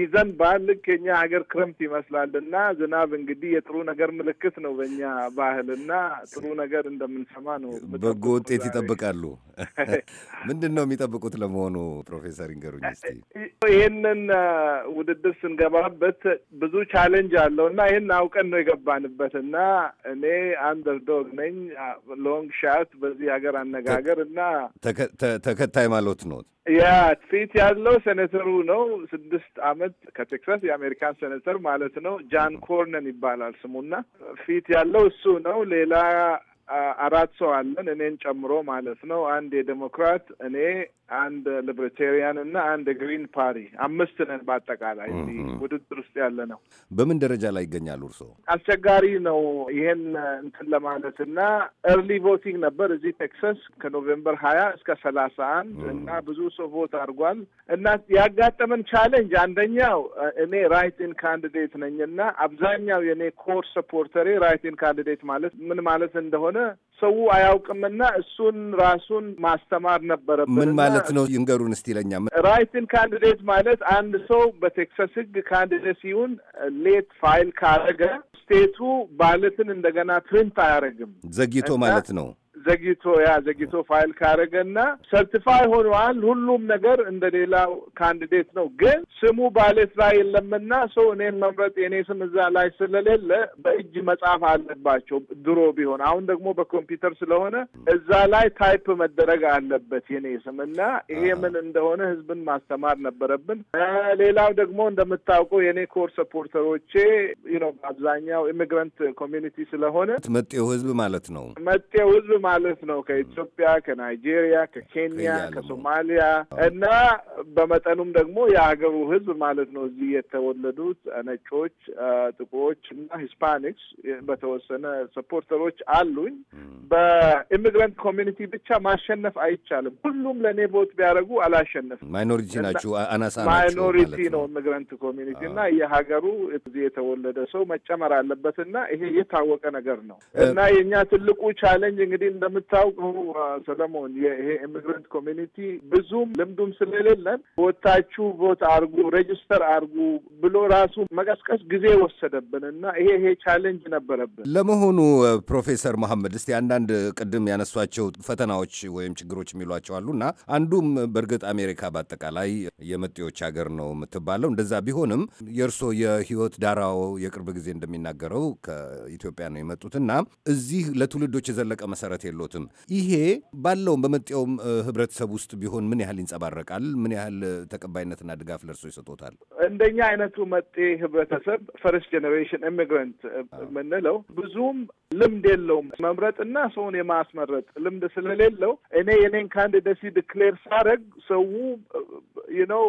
ይዘን ባህል ልክ የኛ ሀገር ክረምት ይመስላል እና ዝናብ እንግዲህ የጥሩ ነገር ምልክት ነው በእኛ ባህል እና ጥሩ ነገር እንደምንሰማ ነው። በጎ ውጤት ይጠብቃሉ። ምንድን ነው የሚጠብቁት ለመሆኑ ፕሮፌሰር ይንገሩኝ እስኪ። ይህንን ውድድር ስንገባበት ብዙ ቻሌንጅ አለው እና ይህን አውቀን ነው የገባንበት እና እኔ አንደርዶግ ነኝ ሎንግ ሻት በዚህ ሀገር አነጋገር እና ተከታይ ማለት ነው። ያ ፊት ያለው ሴኔተሩ ነው። ስድስት አመት ከቴክሳስ የአሜሪካን ሴኔተር ማለት ነው። ጃን ኮርነን ይባላል ስሙና ፊት ያለው እሱ ነው። ሌላ አራት ሰው አለን እኔን ጨምሮ ማለት ነው። አንድ የዴሞክራት እኔ፣ አንድ ሊብርቴሪያን እና አንድ ግሪን ፓሪ አምስት ነን በአጠቃላይ ውድድር ውስጥ ያለ ነው። በምን ደረጃ ላይ ይገኛሉ እርስዎ? አስቸጋሪ ነው ይሄን እንትን ለማለት እና ኤርሊ ቮቲንግ ነበር እዚህ ቴክሳስ ከኖቬምበር ሀያ እስከ ሰላሳ አንድ እና ብዙ ሰው ቮት አድርጓል እና ያጋጠመን ቻሌንጅ አንደኛው እኔ ራይት ኢን ካንዲዴት ነኝ እና አብዛኛው የእኔ ኮር ሰፖርተሬ ራይት ኢን ካንዲዴት ማለት ምን ማለት እንደሆነ ስለሆነ ሰው አያውቅምና እሱን ራሱን ማስተማር ነበረብን። ምን ማለት ነው ይንገሩን እስቲ ለኛ። ራይትን ካንዲዴት ማለት አንድ ሰው በቴክሳስ ሕግ ካንዲዴት ሲሆን ሌት ፋይል ካረገ ስቴቱ ባለትን እንደገና ፕሪንት አያደርግም ዘግይቶ ማለት ነው። ዘግይቶ ያ ዘግይቶ ፋይል ካረገና ሰርቲፋይ ሆኗል ሁሉም ነገር እንደ ሌላው ካንዲዴት ነው፣ ግን ስሙ ባሌት ላይ የለምና ሰው እኔን መምረጥ የኔ ስም እዛ ላይ ስለሌለ በእጅ መጻፍ አለባቸው። ድሮ ቢሆን አሁን ደግሞ በኮምፒውተር ስለሆነ እዛ ላይ ታይፕ መደረግ አለበት የኔ ስም እና ይሄ ምን እንደሆነ ህዝብን ማስተማር ነበረብን። ሌላው ደግሞ እንደምታውቀው የኔ ኮር ሰፖርተሮቼ ነው አብዛኛው ኢሚግራንት ኮሚኒቲ ስለሆነ መጤው ህዝብ ማለት ነው መጤው ህዝብ ማለት ነው ከኢትዮጵያ፣ ከናይጄሪያ፣ ከኬንያ፣ ከሶማሊያ እና በመጠኑም ደግሞ የሀገሩ ህዝብ ማለት ነው እዚህ የተወለዱት ነጮች፣ ጥቁሮች እና ሂስፓኒክስ በተወሰነ ሰፖርተሮች አሉኝ። በኢሚግራንት ኮሚኒቲ ብቻ ማሸነፍ አይቻልም። ሁሉም ለእኔ ቦት ቢያደርጉ አላሸነፍም። ማይኖሪቲ ናችሁ፣ አናሳ ማይኖሪቲ ነው ኢሚግራንት ኮሚኒቲ እና የሀገሩ እዚህ የተወለደ ሰው መጨመር አለበት እና ይሄ የታወቀ ነገር ነው እና የእኛ ትልቁ ቻለንጅ እንግዲህ እንደምታውቀው ሰለሞን ይሄ ኢሚግራንት ኮሚኒቲ ብዙም ልምዱም ስለሌለን ቦታችሁ ቮት አርጉ፣ ሬጅስተር አርጉ ብሎ ራሱ መቀስቀስ ጊዜ ወሰደብን እና ይሄ ይሄ ቻሌንጅ ነበረብን። ለመሆኑ ፕሮፌሰር መሐመድ እስቲ አንዳንድ ቅድም ያነሷቸው ፈተናዎች ወይም ችግሮች የሚሏቸው አሉ እና አንዱም በእርግጥ አሜሪካ በአጠቃላይ የመጤዎች ሀገር ነው የምትባለው። እንደዛ ቢሆንም የእርሶ የህይወት ዳራው የቅርብ ጊዜ እንደሚናገረው ከኢትዮጵያ ነው የመጡትና እዚህ ለትውልዶች የዘለቀ መሰረት የሎትም። ይሄ ባለውም በመጤውም ህብረተሰብ ውስጥ ቢሆን ምን ያህል ይንጸባረቃል? ምን ያህል ተቀባይነትና ድጋፍ ለእርሶ ይሰጦታል? እንደኛ አይነቱ መጤ ህብረተሰብ ፈርስት ጀኔሬሽን ኢሚግራንት የምንለው ብዙም ልምድ የለውም መምረጥና ሰውን የማስመረጥ ልምድ ስለሌለው እኔ የኔን ካንዲደሲ ዲክሌር ሳረግ ሰው ነው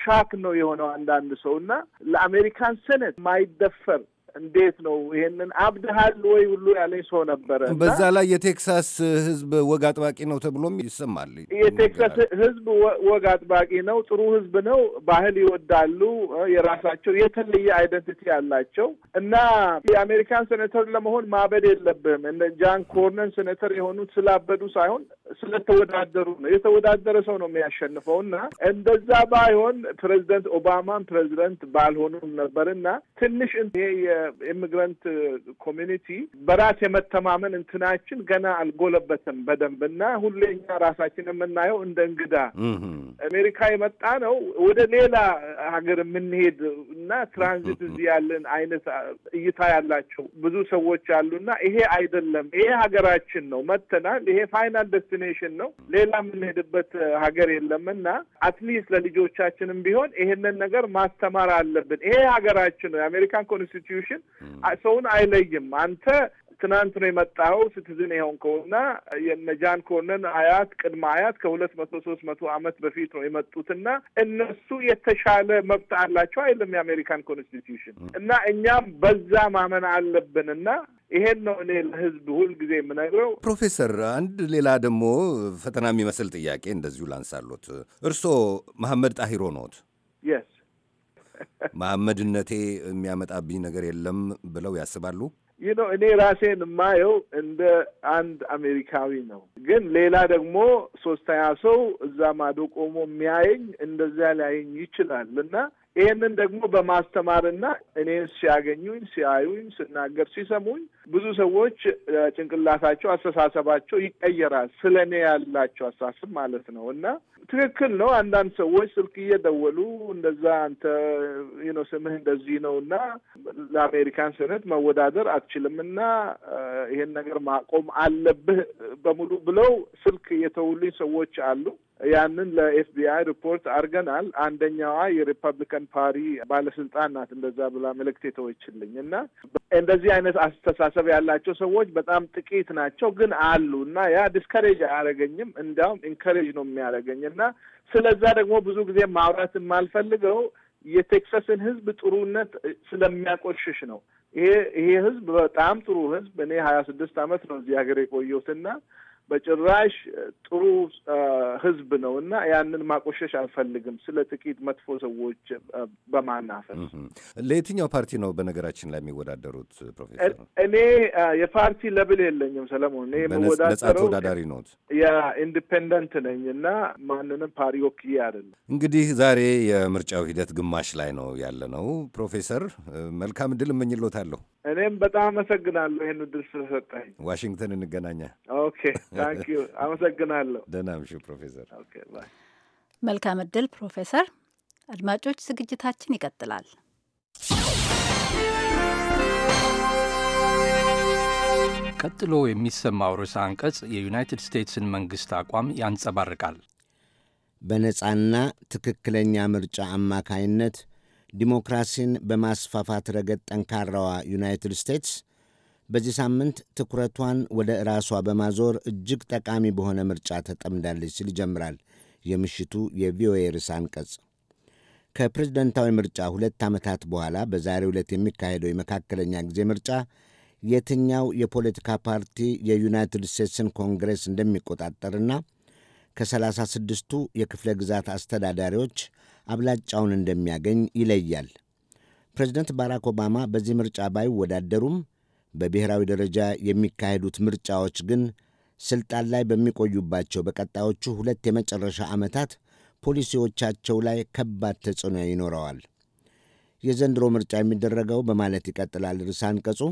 ሻክ ነው የሆነው አንዳንድ ሰው እና ለአሜሪካን ሴኔት ማይደፈር እንዴት ነው ይሄንን አብድሃል ወይ ሁሉ ያለኝ ሰው ነበረ። በዛ ላይ የቴክሳስ ህዝብ ወግ አጥባቂ ነው ተብሎም ይሰማል። የቴክሳስ ህዝብ ወግ አጥባቂ ነው፣ ጥሩ ህዝብ ነው። ባህል ይወዳሉ። የራሳቸው የተለየ አይደንቲቲ ያላቸው እና የአሜሪካን ሴኔተር ለመሆን ማበድ የለብህም። እንደ ጃን ኮርነን ሴኔተር የሆኑት ስላበዱ ሳይሆን ስለተወዳደሩ ነው። የተወዳደረ ሰው ነው የሚያሸንፈው እና እንደዛ ባይሆን ፕሬዚደንት ኦባማን ፕሬዚደንት ባልሆኑም ነበር እና ትንሽ ይሄ የኢሚግራንት ኮሚኒቲ በራስ የመተማመን እንትናችን ገና አልጎለበትም በደንብ እና ሁሌ እኛ ራሳችን የምናየው እንደ እንግዳ አሜሪካ የመጣ ነው ወደ ሌላ ሀገር የምንሄድ እና ትራንዚት እዚህ ያለን አይነት እይታ ያላቸው ብዙ ሰዎች አሉና ይሄ አይደለም፣ ይሄ ሀገራችን ነው መተናል። ይሄ ፋይናል ዴስቲኔሽን ነው፣ ሌላ የምንሄድበት ሀገር የለም እና አትሊስት ለልጆቻችንም ቢሆን ይሄንን ነገር ማስተማር አለብን። ይሄ ሀገራችን ነው። የአሜሪካን ኮንስቲትዩሽን ሀገራችን ሰውን አይለይም። አንተ ትናንት ነው የመጣኸው ሲቲዝን የሆን ከሆና የነጃን ኮነን አያት ቅድመ አያት ከሁለት መቶ ሶስት መቶ ዓመት በፊት ነው የመጡትና እነሱ የተሻለ መብት አላቸው አይልም የአሜሪካን ኮንስቲትዩሽን እና እኛም በዛ ማመን አለብንና ይሄን ነው እኔ ለህዝብ ሁልጊዜ የምነግረው። ፕሮፌሰር አንድ ሌላ ደግሞ ፈተና የሚመስል ጥያቄ እንደዚሁ ላንሳሎት። እርስዎ መሐመድ ጣሂሮ ኖት? የስ መሐመድነቴ የሚያመጣብኝ ነገር የለም ብለው ያስባሉ? ይህ ነው እኔ ራሴን የማየው እንደ አንድ አሜሪካዊ ነው። ግን ሌላ ደግሞ ሶስተኛ ሰው እዛ ማዶ ቆሞ የሚያየኝ እንደዚያ ሊያየኝ ይችላል እና ይህንን ደግሞ በማስተማርና እኔ ሲያገኙኝ ሲያዩኝ ስናገር ሲሰሙኝ ብዙ ሰዎች ጭንቅላታቸው አስተሳሰባቸው ይቀየራል። ስለ እኔ ያላቸው አስተሳሰብ ማለት ነው። እና ትክክል ነው። አንዳንድ ሰዎች ስልክ እየደወሉ እንደዛ አንተ ኖ ስምህ እንደዚህ ነው እና ለአሜሪካን ሴኔት መወዳደር አትችልም እና ይሄን ነገር ማቆም አለብህ በሙሉ ብለው ስልክ የተውሉኝ ሰዎች አሉ። ያንን ለኤፍቢአይ ሪፖርት አድርገናል። አንደኛዋ የሪፐብሊካን ፓሪ ባለስልጣን ናት እንደዛ ብላ መልእክት የተወችልኝ እና እንደዚህ አይነት አስተሳሰብ ያላቸው ሰዎች በጣም ጥቂት ናቸው፣ ግን አሉ እና ያ ዲስከሬጅ አያደርገኝም፣ እንዲያውም ኢንከሬጅ ነው የሚያደርገኝ እና ስለዛ ደግሞ ብዙ ጊዜ ማውራት የማልፈልገው የቴክሳስን ህዝብ ጥሩነት ስለሚያቆሽሽ ነው። ይሄ ይሄ ህዝብ በጣም ጥሩ ህዝብ እኔ ሀያ ስድስት ዓመት ነው እዚህ ሀገር የቆየሁትና በጭራሽ ጥሩ ህዝብ ነው እና ያንን ማቆሸሽ አልፈልግም። ስለ ጥቂት መጥፎ ሰዎች በማናፈስ። ለየትኛው ፓርቲ ነው በነገራችን ላይ የሚወዳደሩት? ፕሮፌሰር እኔ የፓርቲ ለብል የለኝም ሰለሞን። እኔ የምወዳደረው ተወዳዳሪ ነት የኢንዲፔንደንት ነኝ እና ማንንም ፓሪ ወክዬ አይደለም። እንግዲህ ዛሬ የምርጫው ሂደት ግማሽ ላይ ነው ያለ ነው። ፕሮፌሰር መልካም እድል እመኝሎታለሁ። እኔም በጣም አመሰግናለሁ ይህን ዕድል ስለሰጠኝ። ዋሽንግተን እንገናኛ። ኦኬ ታንክ ዩ አመሰግናለሁ። ደህና ፕሮፌሰር። መልካም እድል ፕሮፌሰር። አድማጮች ዝግጅታችን ይቀጥላል። ቀጥሎ የሚሰማው ርዕሰ አንቀጽ የዩናይትድ ስቴትስን መንግሥት አቋም ያንጸባርቃል። በነጻና ትክክለኛ ምርጫ አማካይነት ዲሞክራሲን በማስፋፋት ረገድ ጠንካራዋ ዩናይትድ ስቴትስ በዚህ ሳምንት ትኩረቷን ወደ ራሷ በማዞር እጅግ ጠቃሚ በሆነ ምርጫ ተጠምዳለች ሲል ይጀምራል የምሽቱ የቪኦኤ ርዕሰ አንቀጽ። ከፕሬዝደንታዊ ምርጫ ሁለት ዓመታት በኋላ በዛሬ ዕለት የሚካሄደው የመካከለኛ ጊዜ ምርጫ የትኛው የፖለቲካ ፓርቲ የዩናይትድ ስቴትስን ኮንግሬስ እንደሚቆጣጠርና ከ36ቱ የክፍለ ግዛት አስተዳዳሪዎች አብላጫውን እንደሚያገኝ ይለያል። ፕሬዚደንት ባራክ ኦባማ በዚህ ምርጫ ባይወዳደሩም በብሔራዊ ደረጃ የሚካሄዱት ምርጫዎች ግን ስልጣን ላይ በሚቆዩባቸው በቀጣዮቹ ሁለት የመጨረሻ ዓመታት ፖሊሲዎቻቸው ላይ ከባድ ተጽዕኖ ይኖረዋል። የዘንድሮ ምርጫ የሚደረገው በማለት ይቀጥላል ርዕሰ አንቀጹ።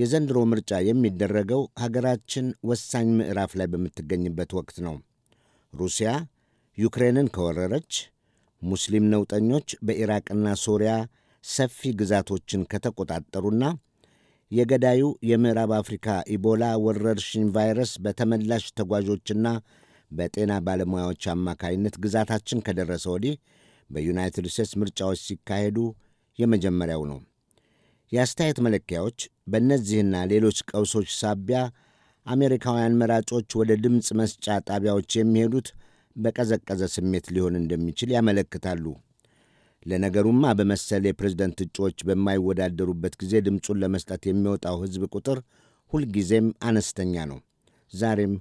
የዘንድሮ ምርጫ የሚደረገው ሀገራችን ወሳኝ ምዕራፍ ላይ በምትገኝበት ወቅት ነው። ሩሲያ ዩክሬንን ከወረረች ሙስሊም ነውጠኞች በኢራቅና ሶሪያ ሰፊ ግዛቶችን ከተቆጣጠሩና የገዳዩ የምዕራብ አፍሪካ ኢቦላ ወረርሽኝ ቫይረስ በተመላሽ ተጓዦችና በጤና ባለሙያዎች አማካይነት ግዛታችን ከደረሰ ወዲህ በዩናይትድ ስቴትስ ምርጫዎች ሲካሄዱ የመጀመሪያው ነው። የአስተያየት መለኪያዎች በእነዚህና ሌሎች ቀውሶች ሳቢያ አሜሪካውያን መራጮች ወደ ድምፅ መስጫ ጣቢያዎች የሚሄዱት በቀዘቀዘ ስሜት ሊሆን እንደሚችል ያመለክታሉ። ለነገሩማ በመሰል የፕሬዝደንት እጩዎች በማይወዳደሩበት ጊዜ ድምፁን ለመስጠት የሚወጣው ሕዝብ ቁጥር ሁልጊዜም አነስተኛ ነው። ዛሬም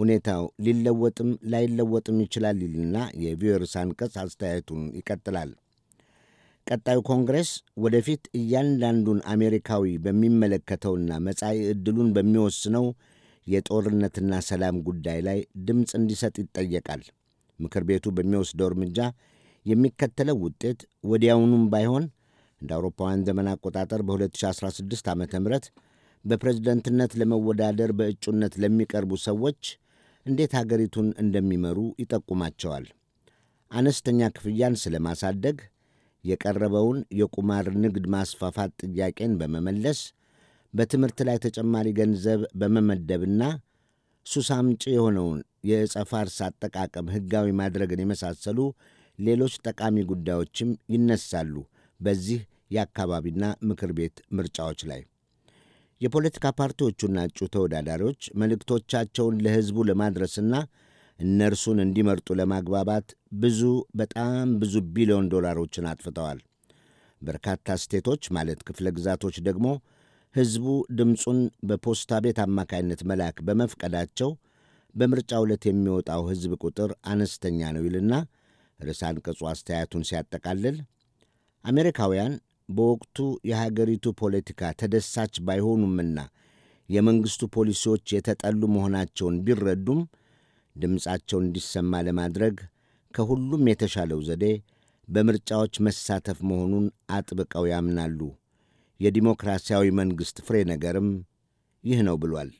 ሁኔታው ሊለወጥም ላይለወጥም ይችላል ይልና የቪዮርስ አንቀጽ አስተያየቱን ይቀጥላል። ቀጣዩ ኮንግሬስ ወደፊት እያንዳንዱን አሜሪካዊ በሚመለከተውና መጻኢ ዕድሉን በሚወስነው የጦርነትና ሰላም ጉዳይ ላይ ድምፅ እንዲሰጥ ይጠየቃል። ምክር ቤቱ በሚወስደው እርምጃ የሚከተለው ውጤት ወዲያውኑም ባይሆን እንደ አውሮፓውያን ዘመን አቆጣጠር በ2016 ዓ ም በፕሬዝደንትነት ለመወዳደር በእጩነት ለሚቀርቡ ሰዎች እንዴት አገሪቱን እንደሚመሩ ይጠቁማቸዋል። አነስተኛ ክፍያን ስለማሳደግ፣ የቀረበውን የቁማር ንግድ ማስፋፋት ጥያቄን በመመለስ በትምህርት ላይ ተጨማሪ ገንዘብ በመመደብና ሱስ አምጪ የሆነውን የዕፀ ፋርስ አጠቃቀም ሕጋዊ ማድረግን የመሳሰሉ ሌሎች ጠቃሚ ጉዳዮችም ይነሳሉ በዚህ የአካባቢና ምክር ቤት ምርጫዎች ላይ። የፖለቲካ ፓርቲዎቹና እጩ ተወዳዳሪዎች መልእክቶቻቸውን ለሕዝቡ ለማድረስና እነርሱን እንዲመርጡ ለማግባባት ብዙ በጣም ብዙ ቢሊዮን ዶላሮችን አጥፍተዋል። በርካታ ስቴቶች ማለት ክፍለ ግዛቶች ደግሞ ሕዝቡ ድምፁን በፖስታ ቤት አማካይነት መላክ በመፍቀዳቸው በምርጫ ዕለት የሚወጣው ሕዝብ ቁጥር አነስተኛ ነው ይልና ርዕሰ አንቀጹ አስተያየቱን ሲያጠቃልል አሜሪካውያን በወቅቱ የሀገሪቱ ፖለቲካ ተደሳች ባይሆኑምና የመንግሥቱ ፖሊሲዎች የተጠሉ መሆናቸውን ቢረዱም ድምፃቸው እንዲሰማ ለማድረግ ከሁሉም የተሻለው ዘዴ በምርጫዎች መሳተፍ መሆኑን አጥብቀው ያምናሉ። የዲሞክራሲያዊ መንግሥት ፍሬ ነገርም ይህ ነው ብሏል።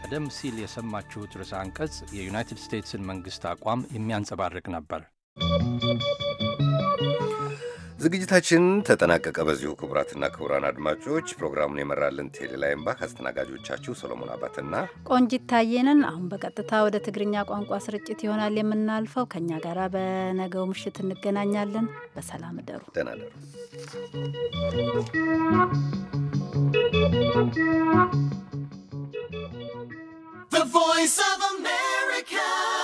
ቀደም ሲል የሰማችሁት ርዕሰ አንቀጽ የዩናይትድ ስቴትስን መንግሥት አቋም የሚያንጸባርቅ ነበር። ዝግጅታችን ተጠናቀቀ። በዚሁ ክቡራትና ክቡራን አድማጮች ፕሮግራሙን የመራልን ቴሌላይምባክ አስተናጋጆቻችሁ ሰሎሞን አባትና ቆንጂት ታየንን። አሁን በቀጥታ ወደ ትግርኛ ቋንቋ ስርጭት ይሆናል የምናልፈው። ከእኛ ጋር በነገው ምሽት እንገናኛለን። በሰላም እደሩ። ደህና እደሩ።